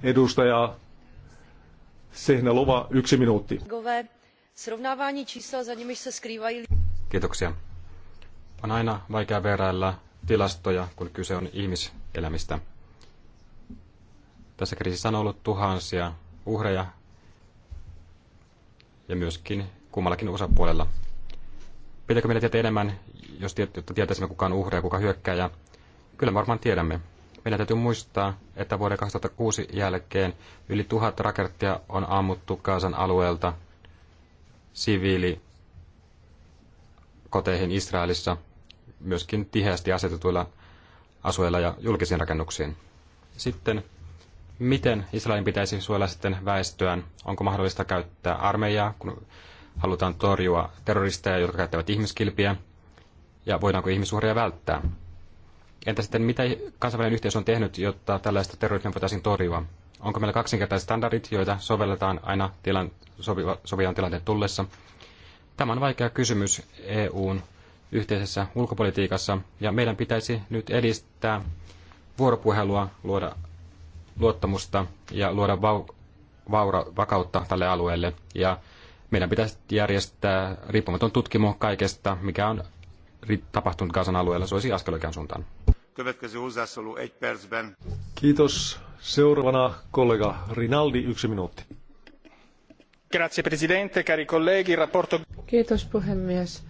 edustaja Lova, yksi minuutti. Kiitoksia. On aina vaikea verrailla tilastoja, kun kyse on ihmiselämistä. Tässä kriisissä on ollut tuhansia uhreja ja myöskin kummallakin osapuolella. Pitääkö meidän tietää enemmän, jos tietäisimme kuka on uhreja, kuka hyökkääjä? Kyllä me varmaan tiedämme. Meidän täytyy muistaa, että vuoden 2006 jälkeen yli tuhat rakettia on ammuttu Kaasan alueelta siviili koteihin Israelissa – myöskin tiheästi asetetuilla asueilla ja julkisiin rakennuksiin. Sitten, miten Israelin pitäisi suojella sitten väestöään? Onko mahdollista käyttää armeijaa, kun halutaan torjua terroristeja, jotka käyttävät ihmiskilpiä? Ja voidaanko ihmisuhreja välttää? Entä sitten, mitä kansainvälinen yhteisö on tehnyt, jotta tällaista terrorismia voitaisiin torjua? Onko meillä kaksinkertaiset standardit, joita sovelletaan aina tilan, sopivan tilanteen tullessa? Tämä on vaikea kysymys EUn yhteisessä ulkopolitiikassa, ja meidän pitäisi nyt edistää vuoropuhelua, luoda luottamusta ja luoda vau- vaura- vakautta tälle alueelle. Ja meidän pitäisi järjestää riippumaton tutkimus kaikesta, mikä on tapahtunut Gazan alueella. Se olisi askel oikeaan suuntaan. Kiitos. Seuraavana kollega Rinaldi, yksi minuutti. Grazie presidente, cari colleghi, rapporto... Kiitos puhemies.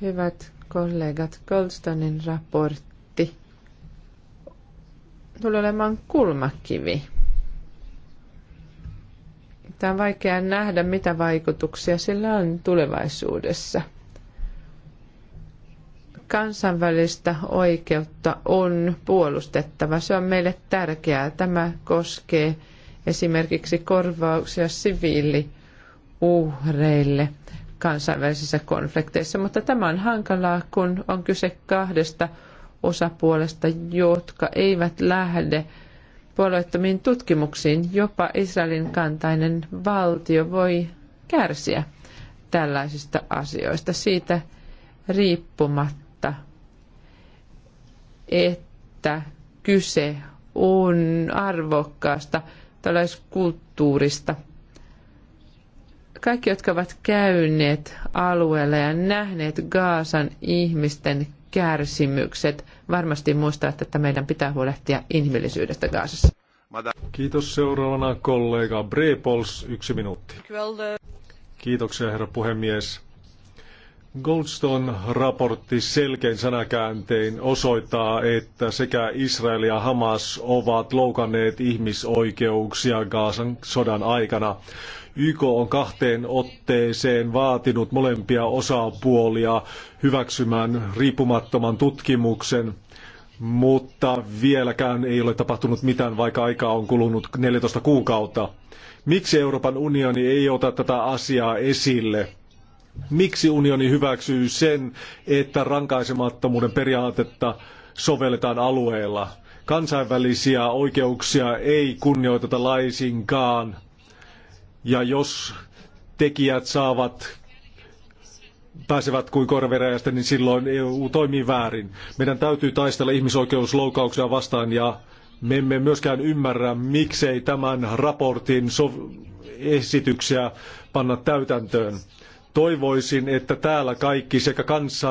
Hyvät kollegat, Goldstonin raportti tulee olemaan kulmakivi. Tämä on vaikea nähdä, mitä vaikutuksia sillä on tulevaisuudessa. Kansainvälistä oikeutta on puolustettava. Se on meille tärkeää. Tämä koskee esimerkiksi korvauksia siviiliuhreille kansainvälisissä konflikteissa, mutta tämä on hankalaa, kun on kyse kahdesta osapuolesta, jotka eivät lähde puolueettomiin tutkimuksiin. Jopa Israelin kantainen valtio voi kärsiä tällaisista asioista siitä riippumatta, että kyse on arvokkaasta tällaiskulttuurista – kaikki, jotka ovat käyneet alueella ja nähneet Gaasan ihmisten kärsimykset, varmasti muistavat, että meidän pitää huolehtia inhimillisyydestä Gaasassa. Kiitos seuraavana kollega Brepols, yksi minuutti. Kiitoksia herra puhemies. Goldstone-raportti selkein sanakääntein osoittaa, että sekä Israel ja Hamas ovat loukanneet ihmisoikeuksia Gaasan sodan aikana. YK on kahteen otteeseen vaatinut molempia osapuolia hyväksymään riippumattoman tutkimuksen, mutta vieläkään ei ole tapahtunut mitään, vaikka aikaa on kulunut 14 kuukautta. Miksi Euroopan unioni ei ota tätä asiaa esille? Miksi unioni hyväksyy sen, että rankaisemattomuuden periaatetta sovelletaan alueella? Kansainvälisiä oikeuksia ei kunnioiteta laisinkaan. Ja jos tekijät saavat pääsevät kuin korveräjästä, niin silloin EU toimii väärin. Meidän täytyy taistella ihmisoikeusloukauksia vastaan ja me emme myöskään ymmärrä, miksei tämän raportin esityksiä panna täytäntöön. Toivoisin, että täällä kaikki sekä kansa,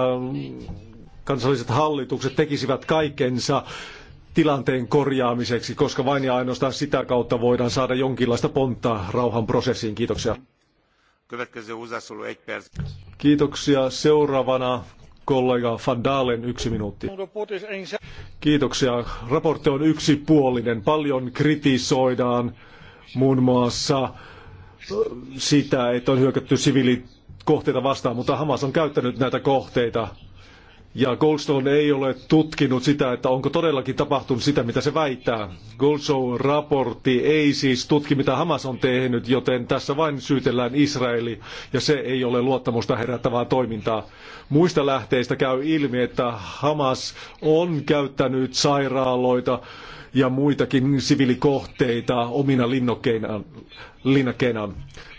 kansalliset hallitukset tekisivät kaikensa tilanteen korjaamiseksi, koska vain ja ainoastaan sitä kautta voidaan saada jonkinlaista pontta rauhan prosessiin. Kiitoksia. Kiitoksia. Seuraavana kollega Van Dalen yksi minuutti. Kiitoksia. Raportti on yksipuolinen. Paljon kritisoidaan muun muassa sitä, että on hyökätty siviilit kohteita vastaan, mutta Hamas on käyttänyt näitä kohteita. Ja Goldstone ei ole tutkinut sitä, että onko todellakin tapahtunut sitä, mitä se väittää. Goldstone-raportti ei siis tutki, mitä Hamas on tehnyt, joten tässä vain syytellään Israeli, ja se ei ole luottamusta herättävää toimintaa. Muista lähteistä käy ilmi, että Hamas on käyttänyt sairaaloita ja muitakin siviilikohteita omina linnakkeinaan.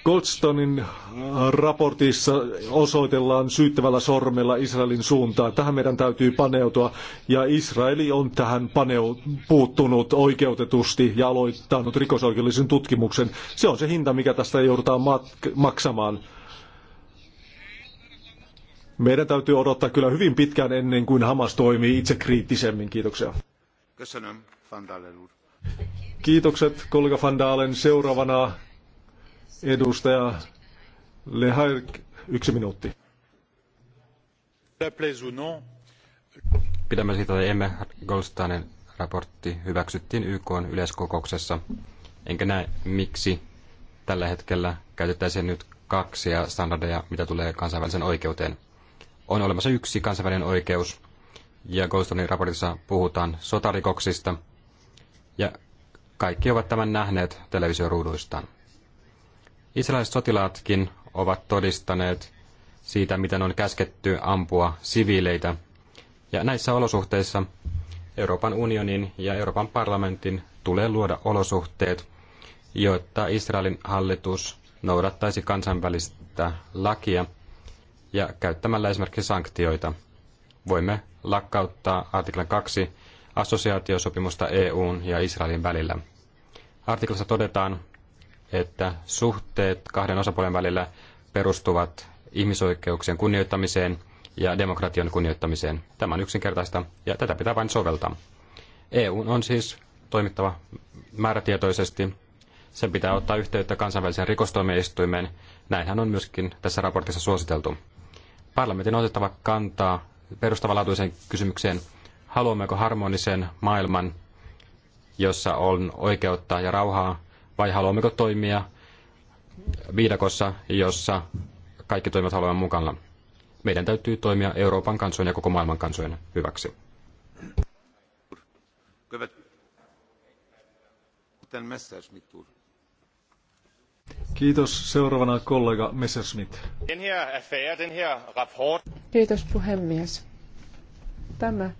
Goldstonin äh, raportissa osoitellaan syyttävällä sormella Israelin suuntaan. Tähän meidän täytyy paneutua ja Israeli on tähän paneu- puuttunut oikeutetusti ja aloittanut rikosoikeudellisen tutkimuksen. Se on se hinta, mikä tästä joudutaan maksamaan. Meidän täytyy odottaa kyllä hyvin pitkään ennen kuin Hamas toimii itse kriittisemmin. Kiitoksia. Kiitokset kollega Van Dalen. Seuraavana Edustaja Lehair, yksi minuutti. Pidämme siitä, että emme Goldsteinin raportti hyväksyttiin YK yleiskokouksessa, enkä näe miksi tällä hetkellä käytettäisiin nyt kaksia standardeja, mitä tulee kansainvälisen oikeuteen. On olemassa yksi kansainvälinen oikeus, ja Goldstonein raportissa puhutaan sotarikoksista, ja kaikki ovat tämän nähneet televisioruuduistaan. Israelilaiset sotilaatkin ovat todistaneet siitä, miten on käsketty ampua siviileitä. Ja näissä olosuhteissa Euroopan unionin ja Euroopan parlamentin tulee luoda olosuhteet, jotta Israelin hallitus noudattaisi kansainvälistä lakia ja käyttämällä esimerkiksi sanktioita. Voimme lakkauttaa artiklan 2 assosiaatiosopimusta EUn ja Israelin välillä. Artiklassa todetaan, että suhteet kahden osapuolen välillä perustuvat ihmisoikeuksien kunnioittamiseen ja demokratian kunnioittamiseen. Tämä on yksinkertaista ja tätä pitää vain soveltaa. EU on siis toimittava määrätietoisesti. Sen pitää ottaa yhteyttä kansainväliseen rikostoimeistuimeen. Näinhän on myöskin tässä raportissa suositeltu. Parlamentin on otettava kantaa perustavanlaatuiseen kysymykseen, haluammeko harmonisen maailman, jossa on oikeutta ja rauhaa vai haluammeko toimia viidakossa, jossa kaikki toimivat haluamme mukana. Meidän täytyy toimia Euroopan kansojen ja koko maailman kansojen hyväksi. Kiitos. Seuraavana kollega Messerschmidt. Kiitos puhemies. Tämä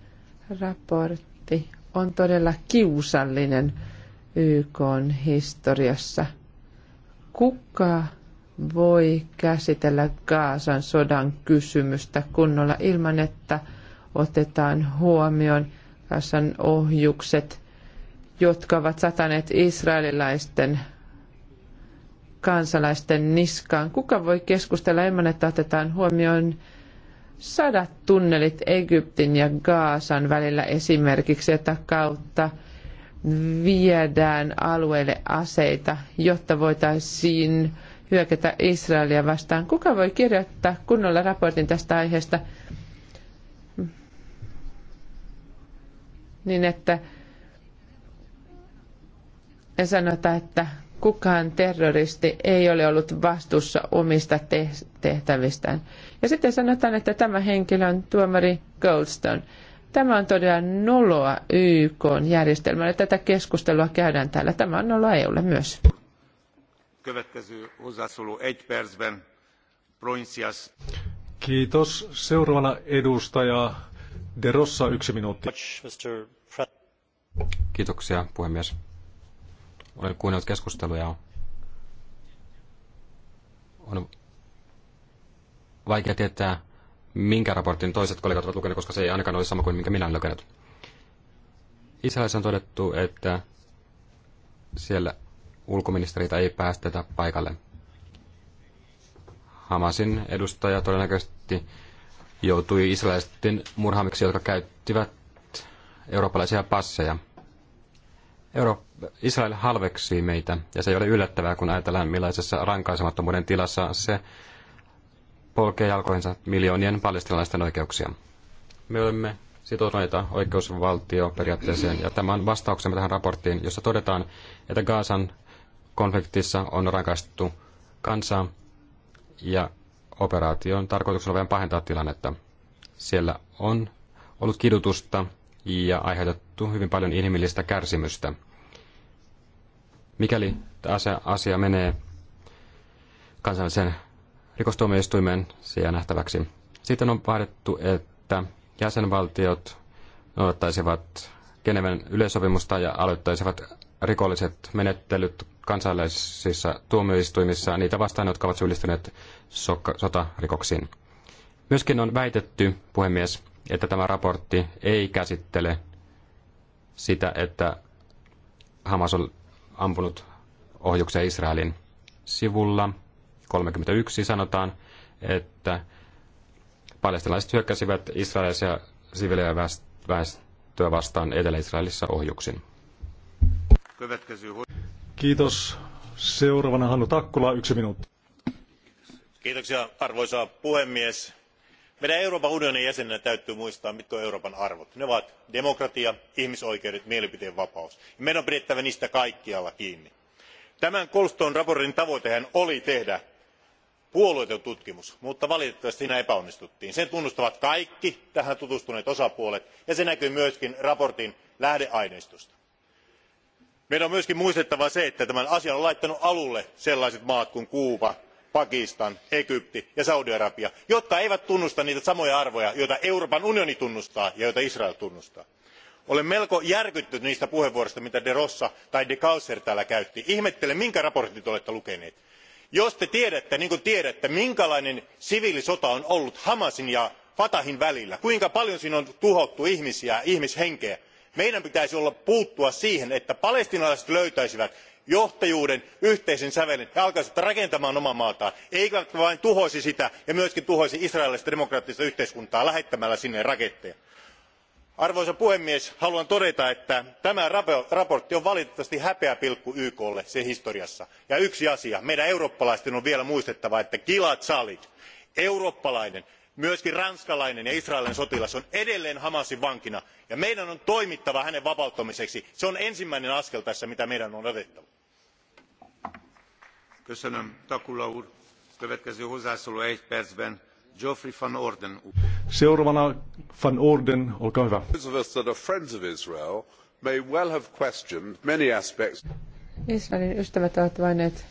raportti on todella kiusallinen YK on historiassa. Kuka voi käsitellä Gaasan sodan kysymystä kunnolla ilman, että otetaan huomioon Gaasan ohjukset, jotka ovat sataneet israelilaisten kansalaisten niskaan. Kuka voi keskustella ilman, että otetaan huomioon sadat tunnelit Egyptin ja Gaasan välillä esimerkiksi, että kautta viedään alueelle aseita, jotta voitaisiin hyökätä Israelia vastaan. Kuka voi kirjoittaa kunnolla raportin tästä aiheesta niin, että sanotaan, että kukaan terroristi ei ole ollut vastuussa omista tehtävistään. Ja sitten sanotaan, että tämä henkilö on tuomari Goldstone – Tämä on todella noloa YK järjestelmälle. Tätä keskustelua käydään täällä. Tämä on noloa EUlle myös. Kiitos. Seuraavana edustaja Derossa yksi minuutti. Kiitoksia puhemies. Olen kuunnellut keskusteluja. On vaikea tietää, minkä raportin toiset kollegat ovat lukeneet, koska se ei ainakaan ole sama kuin minkä minä olen lukenut. Israelissa on todettu, että siellä ulkoministeriitä ei päästetä paikalle. Hamasin edustaja todennäköisesti joutui israelisten murhaamiksi, jotka käyttivät eurooppalaisia passeja. Euro- Israel halveksii meitä, ja se ei ole yllättävää, kun ajatellaan millaisessa rankaisemattomuuden tilassa se polkee jalkoihinsa miljoonien palestinalaisten oikeuksia. Me olemme sitoutuneita oikeusvaltioperiaatteeseen, ja tämä on vastauksemme tähän raporttiin, jossa todetaan, että Gaasan konfliktissa on rakastu kansaa, ja operaation tarkoituksena on vain pahentaa tilannetta. Siellä on ollut kidutusta ja aiheutettu hyvin paljon inhimillistä kärsimystä. Mikäli asia, asia menee kansalliseen rikostuomioistuimeen, se jää nähtäväksi. Sitten on vaadittu, että jäsenvaltiot noudattaisivat Geneven yleisopimusta ja aloittaisivat rikolliset menettelyt kansainvälisissä tuomioistuimissa niitä vastaan, jotka ovat syyllistyneet sotarikoksiin. Myöskin on väitetty, puhemies, että tämä raportti ei käsittele sitä, että Hamas on ampunut ohjuksia Israelin sivulla 31 sanotaan, että palestinaiset hyökkäsivät israelisia siviilejä väestöä vastaan Etelä-Israelissa ohjuksin. Kiitos. Seuraavana Hannu Takkula, yksi minuutti. Kiitoksia, arvoisa puhemies meidän euroopan unionin jäsenenä täytyy muistaa mitkä ovat euroopan arvot. ne ovat demokratia ihmisoikeudet mielipiteenvapaus. meidän on pidettävä niistä kaikkialla kiinni. tämän Colston raportin tavoitehan oli tehdä puolueeton tutkimus mutta valitettavasti siinä epäonnistuttiin. sen tunnustavat kaikki tähän tutustuneet osapuolet ja se näkyy myös mietinnön lähdeaineistosta. meidän on myös muistettava se että tämän asian ovat laittaneet alulle sellaiset maat kuin kuuba pakistan egypti ja saudi arabia jotka eivät tunnusta niitä samoja arvoja joita euroopan unioni tunnustaa ja joita israel tunnustaa. olen melko järkyttynyt niistä puheenvuoroista joita de rossa tai de keyser täällä käytti. ihmettelen minkä mietinnön te olette lukeneet jos te tiedätte niin kuin tiedätte minkälainen siviilisota on ollut hamasin ja fatahin välillä kuinka paljon siinä on tuhottu ihmisiä ihmishenkiä meidän pitäisi puuttua siihen että palestiinalaiset löytäisivät johtajuuden yhteisen sävelen ja alkaisivat rakentaa omaa maataan eivätkä vain tuhoaisi sitä ja myös tuhoaisi israelilaista demokraattista yhteiskuntaa lähettämällä sinne raketteja arvoisa puhemies haluan todeta että tämä mietintö on valitettavasti häpeäpilkku yklle sen historiassa. ja yksi asia meidän eurooppalaisten on vielä muistettava että gilad shalit eurooppalainen myös ranskalainen ja israelilainen sotilas on edelleen hamasin vankina ja meidän on toimittava hänen vapauttamisekseen. se on ensimmäinen askel tässä mitä meidän on otettava. Köszönöm, Takula úr. Következő hozzászóló Geoffrey van Orden. Seuraavana van Orden, olkaa hyvä. Israelin ystävät ovat voineet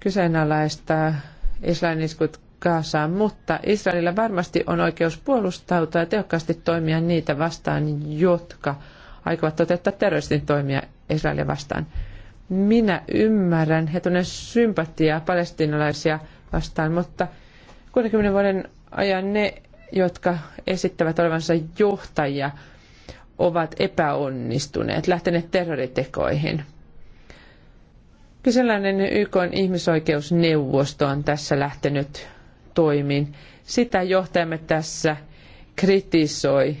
kyseenalaistaa Israelin iskut Kaasaan, mutta Israelilla varmasti on oikeus puolustautua ja tehokkaasti toimia niitä vastaan, jotka aikovat toteuttaa terroristin toimia Israelia vastaan. Minä ymmärrän, he tunnen sympatiaa palestinalaisia vastaan, mutta 60 vuoden ajan ne, jotka esittävät olevansa johtajia, ovat epäonnistuneet, lähteneet terroritekoihin. Sellainen YK ihmisoikeusneuvosto on tässä lähtenyt toimiin. Sitä johtajamme tässä kritisoi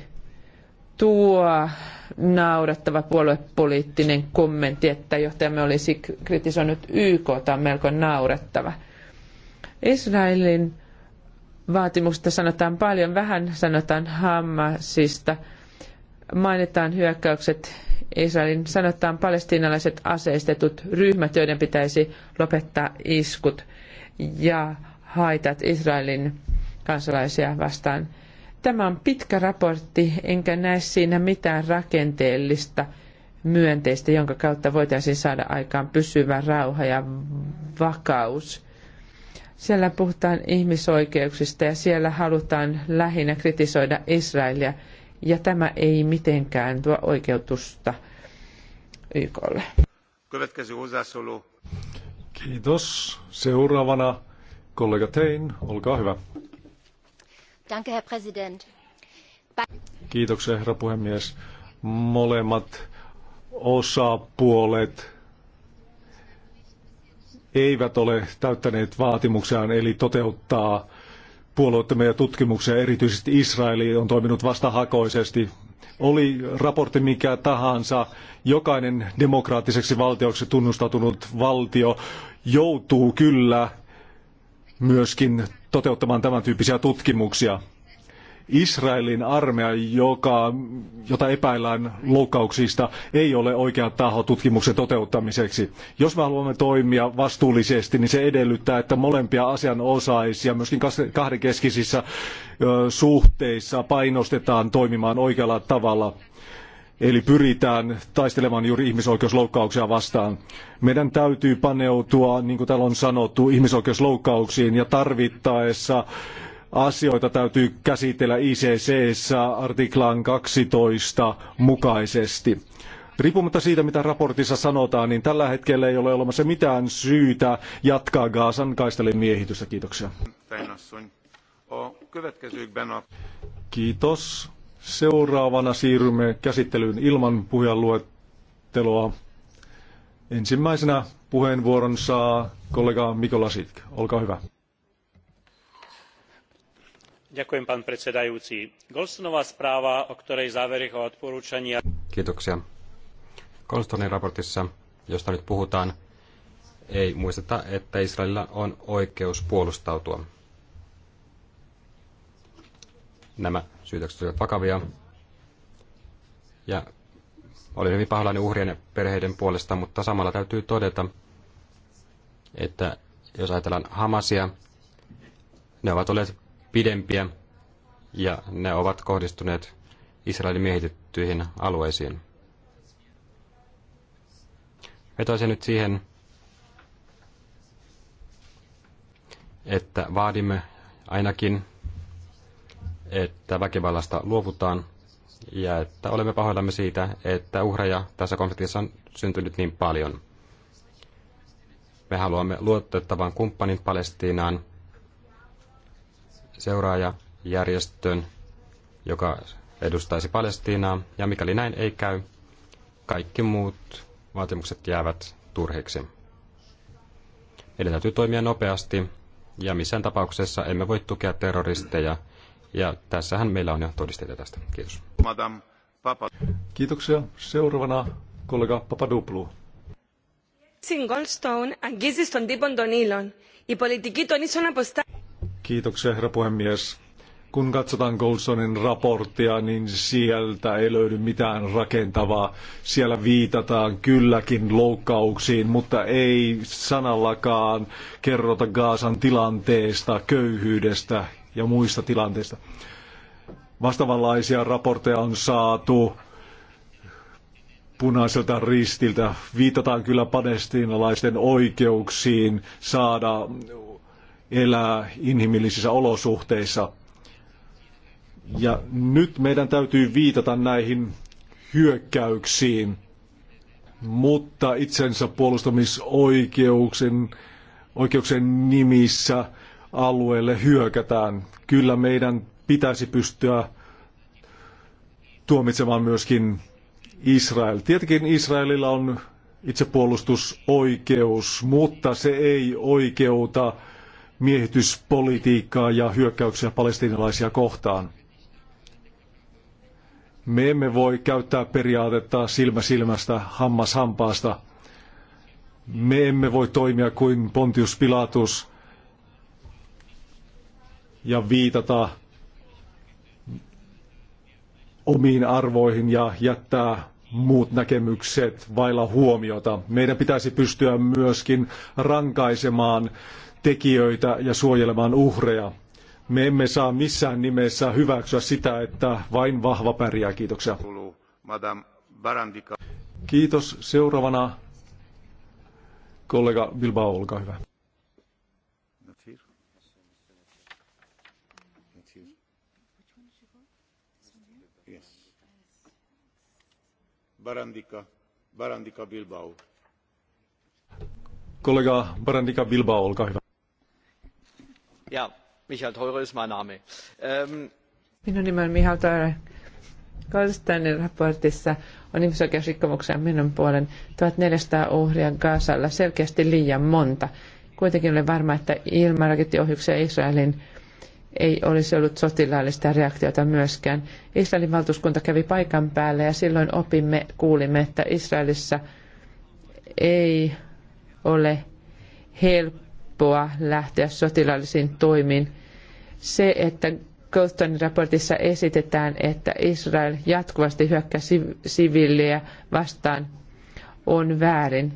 tuo naurettava puoluepoliittinen kommentti, että johtajamme olisi kritisoinut YK, on melko naurettava. Israelin vaatimusta sanotaan paljon, vähän sanotaan Hamasista, mainitaan hyökkäykset Israelin, sanotaan palestiinalaiset aseistetut ryhmät, joiden pitäisi lopettaa iskut ja haitat Israelin kansalaisia vastaan. Tämä on pitkä raportti, enkä näe siinä mitään rakenteellista myönteistä, jonka kautta voitaisiin saada aikaan pysyvä rauha ja vakaus siellä puhutaan ihmisoikeuksista ja siellä halutaan lähinnä kritisoida Israelia. Ja tämä ei mitenkään tuo oikeutusta YKlle. Kiitos. Seuraavana kollega Tein, olkaa hyvä. Danke, Herr President. Kiitoksia, herra puhemies. Molemmat osapuolet eivät ole täyttäneet vaatimuksiaan, eli toteuttaa puolueettomia tutkimuksia, erityisesti Israeli on toiminut vastahakoisesti. Oli raportti mikä tahansa, jokainen demokraattiseksi valtioksi tunnustautunut valtio joutuu kyllä myöskin toteuttamaan tämän tyyppisiä tutkimuksia. Israelin armeija, joka, jota epäillään loukkauksista, ei ole oikea taho tutkimuksen toteuttamiseksi. Jos me haluamme toimia vastuullisesti, niin se edellyttää, että molempia asianosaisia myöskin kahdenkeskisissä suhteissa painostetaan toimimaan oikealla tavalla. Eli pyritään taistelemaan juuri ihmisoikeusloukkauksia vastaan. Meidän täytyy paneutua, niin kuin täällä on sanottu, ihmisoikeusloukkauksiin ja tarvittaessa asioita täytyy käsitellä ICCssä artiklan 12 mukaisesti. Riippumatta siitä, mitä raportissa sanotaan, niin tällä hetkellä ei ole olemassa mitään syytä jatkaa Gaasan kaistelle miehitystä. Kiitoksia. Kiitos. Seuraavana siirrymme käsittelyyn ilman puheenluetteloa. Ensimmäisenä puheenvuoron saa kollega Mikola Sitk. Olkaa hyvä. Ďakujem, správa, o ktorej závery ja odporúčania... Kiitoksia. Goldstonein raportissa, josta nyt puhutaan, ei muisteta, että Israelilla on oikeus puolustautua. Nämä syytökset ovat vakavia. Ja olin hyvin pahoillani uhrien perheiden puolesta, mutta samalla täytyy todeta, että jos ajatellaan Hamasia, ne ovat olleet pidempiä ja ne ovat kohdistuneet Israelin miehitettyihin alueisiin. Vetoisin nyt siihen, että vaadimme ainakin, että väkivallasta luovutaan ja että olemme pahoillamme siitä, että uhreja tässä konfliktissa on syntynyt niin paljon. Me haluamme luotettavan kumppanin Palestiinaan, seuraajajärjestön, joka edustaisi Palestiinaa, ja mikäli näin ei käy, kaikki muut vaatimukset jäävät turhiksi. Meidän täytyy toimia nopeasti, ja missään tapauksessa emme voi tukea terroristeja, ja tässähän meillä on jo todisteita tästä. Kiitos. Madame Papa. Kiitoksia. Seuraavana kollega Papadopoulou. Singolstone, Goldstone αγγίζει στον τύπο των ύλων. Η πολιτική Kiitoksia, herra puhemies. Kun katsotaan Goldsonin raporttia, niin sieltä ei löydy mitään rakentavaa. Siellä viitataan kylläkin loukkauksiin, mutta ei sanallakaan kerrota Gaasan tilanteesta, köyhyydestä ja muista tilanteista. Vastavanlaisia raportteja on saatu punaiselta ristiltä. Viitataan kyllä palestiinalaisten oikeuksiin saada elää inhimillisissä olosuhteissa. Ja nyt meidän täytyy viitata näihin hyökkäyksiin, mutta itsensä puolustamisoikeuksien oikeuksien nimissä alueelle hyökätään. Kyllä meidän pitäisi pystyä tuomitsemaan myöskin Israel. Tietenkin Israelilla on itsepuolustusoikeus, mutta se ei oikeuta miehityspolitiikkaa ja hyökkäyksiä palestiinalaisia kohtaan. Me emme voi käyttää periaatetta silmä silmästä, hammas hampaasta. Me emme voi toimia kuin Pontius Pilatus ja viitata omiin arvoihin ja jättää muut näkemykset vailla huomiota. Meidän pitäisi pystyä myöskin rankaisemaan tekijöitä ja suojelemaan uhreja. Me emme saa missään nimessä hyväksyä sitä, että vain vahva pärjää. Kiitoksia. Kiitos. Seuraavana kollega Bilbao, olkaa hyvä. Barandika, Barandika Bilbao. Kollega Barandika Bilbao, olkaa hyvä. Michael Teure ist mein Name. Ähm, minun nimeni on Mihail theurer. Konstantin raportissa on ihmisoikeusrikkomuksia minun puolen 1400 uhria Gazalla, selkeästi liian monta. Kuitenkin olen varma, että ilman rakettiohjuksia Israelin ei olisi ollut sotilaallista reaktiota myöskään. Israelin valtuuskunta kävi paikan päällä ja silloin opimme, kuulimme, että Israelissa ei ole helppo helppoa lähteä sotilaallisiin toimiin. Se, että Goldstonein raportissa esitetään, että Israel jatkuvasti hyökkää siviilejä vastaan, on väärin.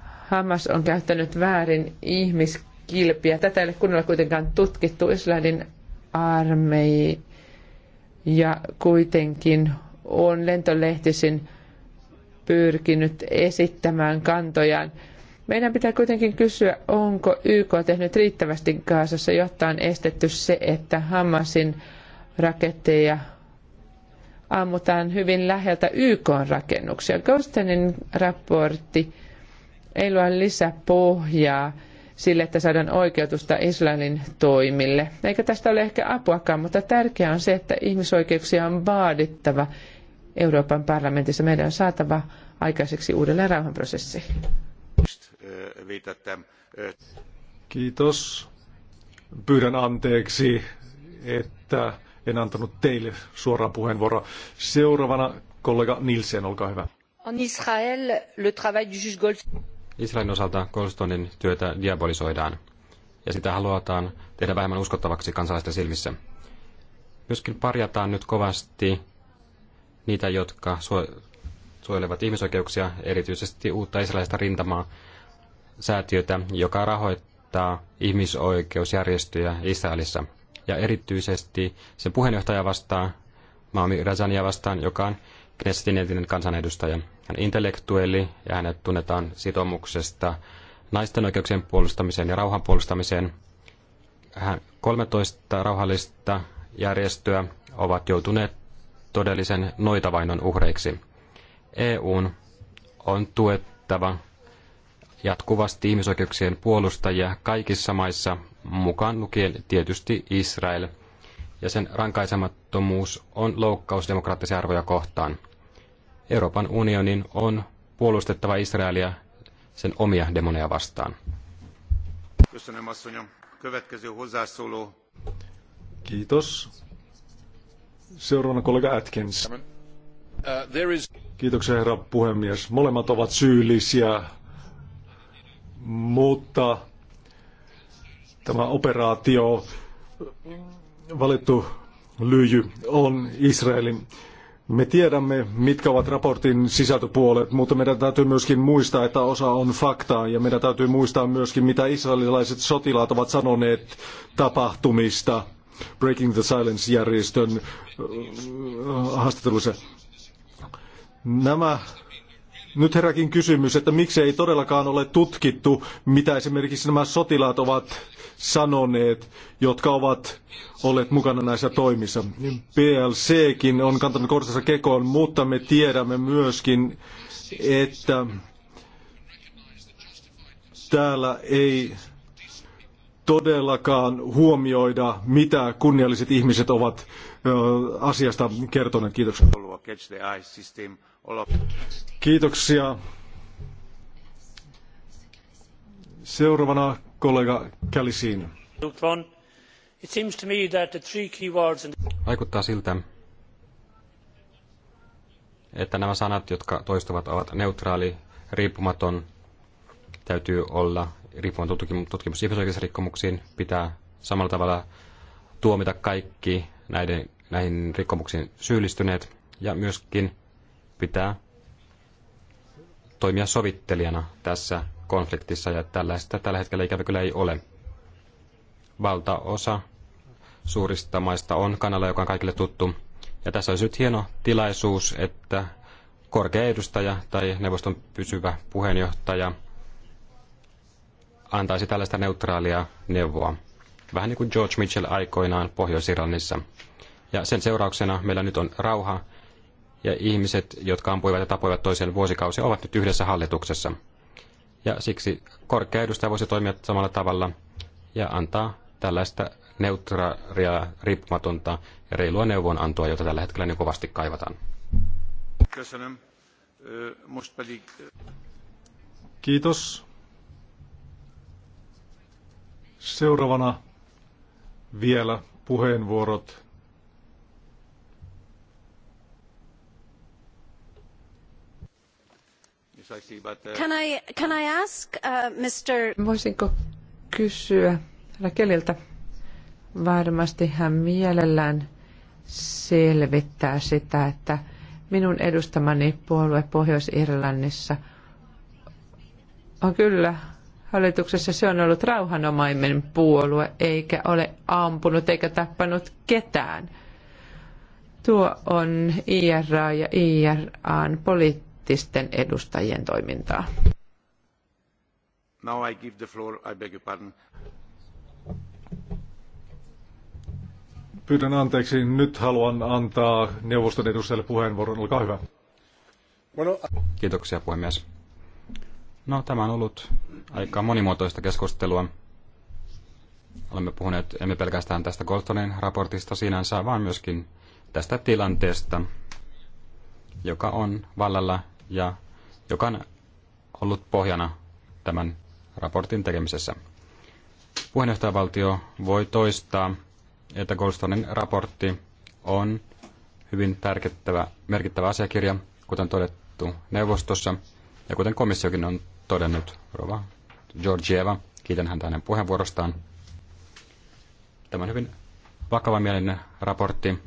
Hamas on käyttänyt väärin ihmiskilpiä. Tätä ei ole kunnolla kuitenkaan tutkittu. Israelin armeija kuitenkin on lentolehtisin pyrkinyt esittämään kantojaan meidän pitää kuitenkin kysyä, onko YK tehnyt riittävästi Kaasassa, jotta on estetty se, että Hamasin raketteja ammutaan hyvin läheltä YK-rakennuksia. Gostenin raportti ei luo lisäpohjaa sille, että saadaan oikeutusta Israelin toimille. Eikä tästä ole ehkä apuakaan, mutta tärkeää on se, että ihmisoikeuksia on vaadittava Euroopan parlamentissa. Meidän on saatava aikaiseksi uudelleen rauhanprosessi siitä, että... Kiitos. Pyydän anteeksi, että en antanut teille suoraan puheenvuoroa. Seuraavana kollega Nilsen, olkaa hyvä. En Israel, le travail du juge Gold... Israelin osalta Goldstonein työtä diabolisoidaan, ja sitä halutaan tehdä vähemmän uskottavaksi kansalaisten silmissä. Myöskin parjataan nyt kovasti niitä, jotka suojelevat ihmisoikeuksia, erityisesti uutta israelista rintamaa, säätiötä, joka rahoittaa ihmisoikeusjärjestöjä Israelissa. Ja erityisesti sen puheenjohtaja vastaa Maami Razania vastaan, joka on Knessetin entinen kansanedustaja. Hän intellektuelli ja hänet tunnetaan sitoumuksesta naisten oikeuksien puolustamiseen ja rauhan puolustamiseen. Hän 13 rauhallista järjestöä ovat joutuneet todellisen noitavainon uhreiksi. EUn on tuettava jatkuvasti ihmisoikeuksien puolustajia kaikissa maissa, mukaan lukien tietysti Israel, ja sen rankaisemattomuus on loukkaus demokraattisia arvoja kohtaan. Euroopan unionin on puolustettava Israelia sen omia demoneja vastaan. Kiitos. Seuraavana kollega Atkins. Uh, Kiitoksia herra puhemies. Molemmat ovat syyllisiä mutta tämä operaatio valittu lyijy on Israelin. Me tiedämme, mitkä ovat raportin sisältöpuolet, mutta meidän täytyy myöskin muistaa, että osa on faktaa ja meidän täytyy muistaa myöskin, mitä israelilaiset sotilaat ovat sanoneet tapahtumista Breaking the Silence-järjestön äh, haastattelussa. Nämä nyt heräkin kysymys, että miksi ei todellakaan ole tutkittu, mitä esimerkiksi nämä sotilaat ovat sanoneet, jotka ovat olleet mukana näissä toimissa. Niin PLCkin on kantanut kortensa kekoon, mutta me tiedämme myöskin, että täällä ei todellakaan huomioida, mitä kunnialliset ihmiset ovat asiasta kertoneet. Kiitoksia. Kiitoksia. Seuraavana kollega Kälisiin. Vaikuttaa siltä, että nämä sanat, jotka toistuvat, ovat neutraali, riippumaton, täytyy olla riippumaton tutkimus ihmisoikeusrikkomuksiin, pitää samalla tavalla tuomita kaikki näiden, näihin rikkomuksiin syyllistyneet ja myöskin pitää toimia sovittelijana tässä konfliktissa, ja tällaista tällä hetkellä ikävä kyllä ei ole. Valtaosa suurista maista on kanalla, joka on kaikille tuttu. Ja tässä olisi nyt hieno tilaisuus, että korkea edustaja tai neuvoston pysyvä puheenjohtaja antaisi tällaista neutraalia neuvoa. Vähän niin kuin George Mitchell aikoinaan Pohjois-Irlannissa. Ja sen seurauksena meillä nyt on rauha ja ihmiset, jotka ampuivat ja tapoivat toisen vuosikausia, ovat nyt yhdessä hallituksessa. Ja siksi korkea edustaja voisi toimia samalla tavalla ja antaa tällaista neutraalia, riippumatonta ja reilua neuvonantoa, jota tällä hetkellä niin kovasti kaivataan. Kiitos. Seuraavana vielä puheenvuorot actually, but... Uh... Can, I, can I ask, uh, Mr... Voisinko kysyä rakeliltä Varmasti hän mielellään selvittää sitä, että minun edustamani puolue Pohjois-Irlannissa on kyllä hallituksessa se on ollut rauhanomainen puolue, eikä ole ampunut eikä tappanut ketään. Tuo on IRA ja IRAn poliittinen poliittisten edustajien toimintaa. Now I give the floor, I beg your pardon. Pyydän anteeksi, nyt haluan antaa neuvoston edustajalle puheenvuoron. Olkaa hyvä. Kiitoksia puhemies. No, tämä on ollut aika monimuotoista keskustelua. Olemme puhuneet emme pelkästään tästä Goldstonein raportista sinänsä, vaan myöskin tästä tilanteesta, joka on vallalla ja joka on ollut pohjana tämän raportin tekemisessä. Puheenjohtajavaltio voi toistaa, että Goldstonen raportti on hyvin tärkeä, merkittävä asiakirja, kuten todettu neuvostossa ja kuten komissiokin on todennut Rova Georgieva. Kiitän häntä hänen puheenvuorostaan. Tämä on hyvin vakavamielinen raportti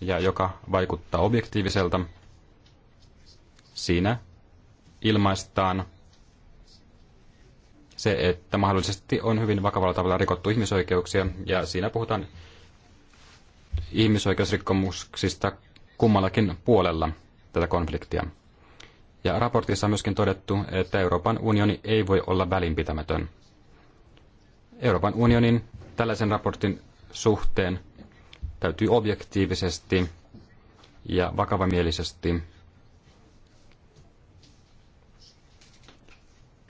ja joka vaikuttaa objektiiviselta Siinä ilmaistaan se, että mahdollisesti on hyvin vakavalla tavalla rikottu ihmisoikeuksia, ja siinä puhutaan ihmisoikeusrikkomuksista kummallakin puolella tätä konfliktia. Ja raportissa on myöskin todettu, että Euroopan unioni ei voi olla välinpitämätön. Euroopan unionin tällaisen raportin suhteen täytyy objektiivisesti ja vakavamielisesti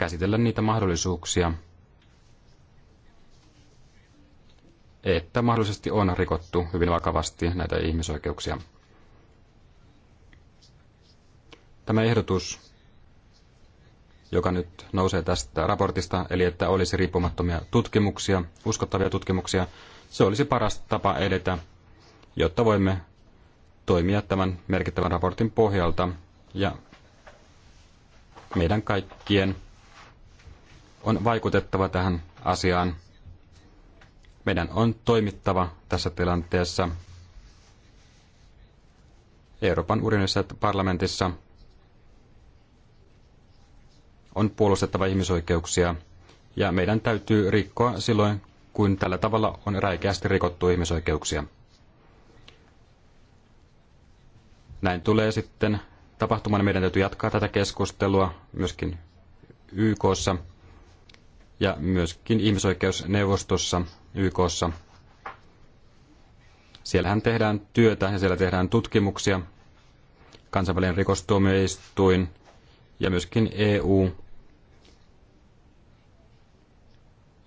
käsitellä niitä mahdollisuuksia, että mahdollisesti on rikottu hyvin vakavasti näitä ihmisoikeuksia. Tämä ehdotus, joka nyt nousee tästä raportista, eli että olisi riippumattomia tutkimuksia, uskottavia tutkimuksia, se olisi paras tapa edetä, jotta voimme toimia tämän merkittävän raportin pohjalta ja meidän kaikkien on vaikutettava tähän asiaan. Meidän on toimittava tässä tilanteessa Euroopan unionissa parlamentissa on puolustettava ihmisoikeuksia ja meidän täytyy rikkoa silloin, kun tällä tavalla on räikeästi rikottu ihmisoikeuksia. Näin tulee sitten tapahtumaan. Meidän täytyy jatkaa tätä keskustelua myöskin YKssa – ja myöskin ihmisoikeusneuvostossa YKssa. Siellähän tehdään työtä ja siellä tehdään tutkimuksia. Kansainvälinen rikostuomioistuin ja myöskin EU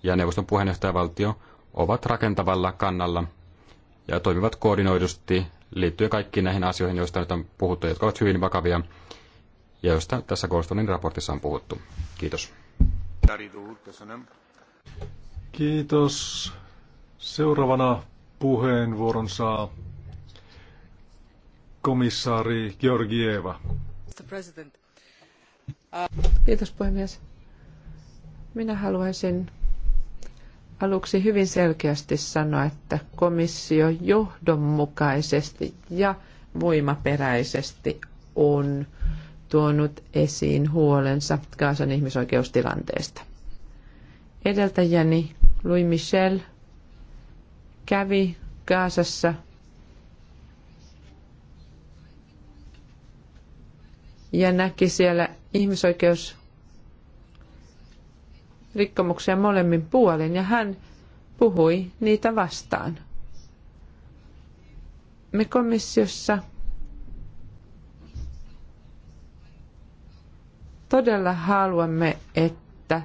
ja neuvoston puheenjohtajavaltio ovat rakentavalla kannalla ja toimivat koordinoidusti liittyen kaikkiin näihin asioihin, joista nyt on puhuttu, jotka ovat hyvin vakavia ja joista tässä Goldstonein raportissa on puhuttu. Kiitos. Kiitos. Seuraavana puheenvuoron saa komissaari Georgieva. Kiitos puhemies. Minä haluaisin aluksi hyvin selkeästi sanoa, että komissio johdonmukaisesti ja voimaperäisesti on tuonut esiin huolensa Gaasan ihmisoikeustilanteesta. Edeltäjäni Louis Michel kävi Gaasassa ja näki siellä ihmisoikeusrikkomuksia molemmin puolin ja hän puhui niitä vastaan. Me komissiossa – todella haluamme, että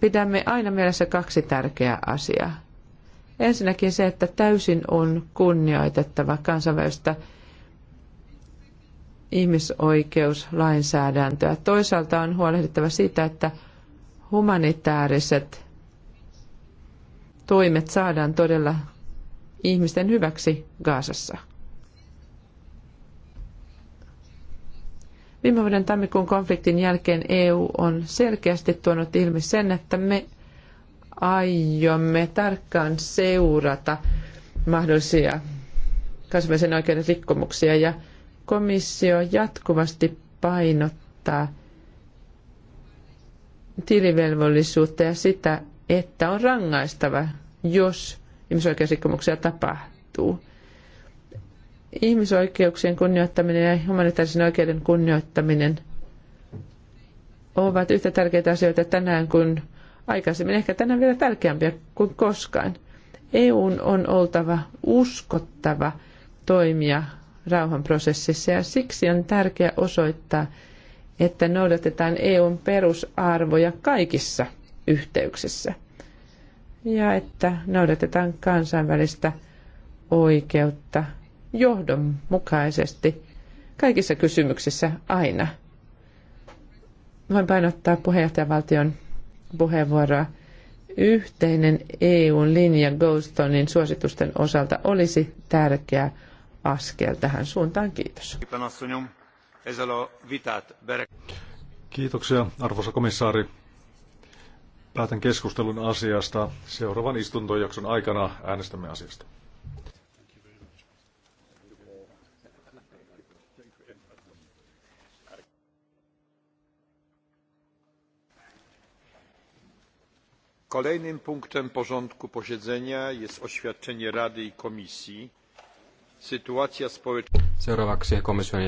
pidämme aina mielessä kaksi tärkeää asiaa. Ensinnäkin se, että täysin on kunnioitettava kansainvälistä ihmisoikeuslainsäädäntöä. Toisaalta on huolehdittava siitä, että humanitaariset toimet saadaan todella ihmisten hyväksi Gaasassa. Viime vuoden tammikuun konfliktin jälkeen EU on selkeästi tuonut ilmi sen, että me aiomme tarkkaan seurata mahdollisia kansainvälisen oikeuden rikkomuksia ja komissio jatkuvasti painottaa tilivelvollisuutta ja sitä, että on rangaistava, jos ihmisoikeusrikkomuksia tapahtuu. Ihmisoikeuksien kunnioittaminen ja humanitaarisen oikeuden kunnioittaminen ovat yhtä tärkeitä asioita tänään kuin aikaisemmin, ehkä tänään vielä tärkeämpiä kuin koskaan. EUn on oltava uskottava toimija rauhanprosessissa ja siksi on tärkeää osoittaa, että noudatetaan EUn perusarvoja kaikissa yhteyksissä ja että noudatetaan kansainvälistä oikeutta johdonmukaisesti kaikissa kysymyksissä aina. Voin painottaa puheenjohtajavaltion puheenvuoroa. Yhteinen EUn linja Goldstonein suositusten osalta olisi tärkeä askel tähän suuntaan. Kiitos. Kiitoksia, arvoisa komissaari. Päätän keskustelun asiasta. Seuraavan istuntojakson aikana äänestämme asiasta. kolejnym punktem porządku posiedzenia jest oświadczenie rady i komisji sytuacja społeczna w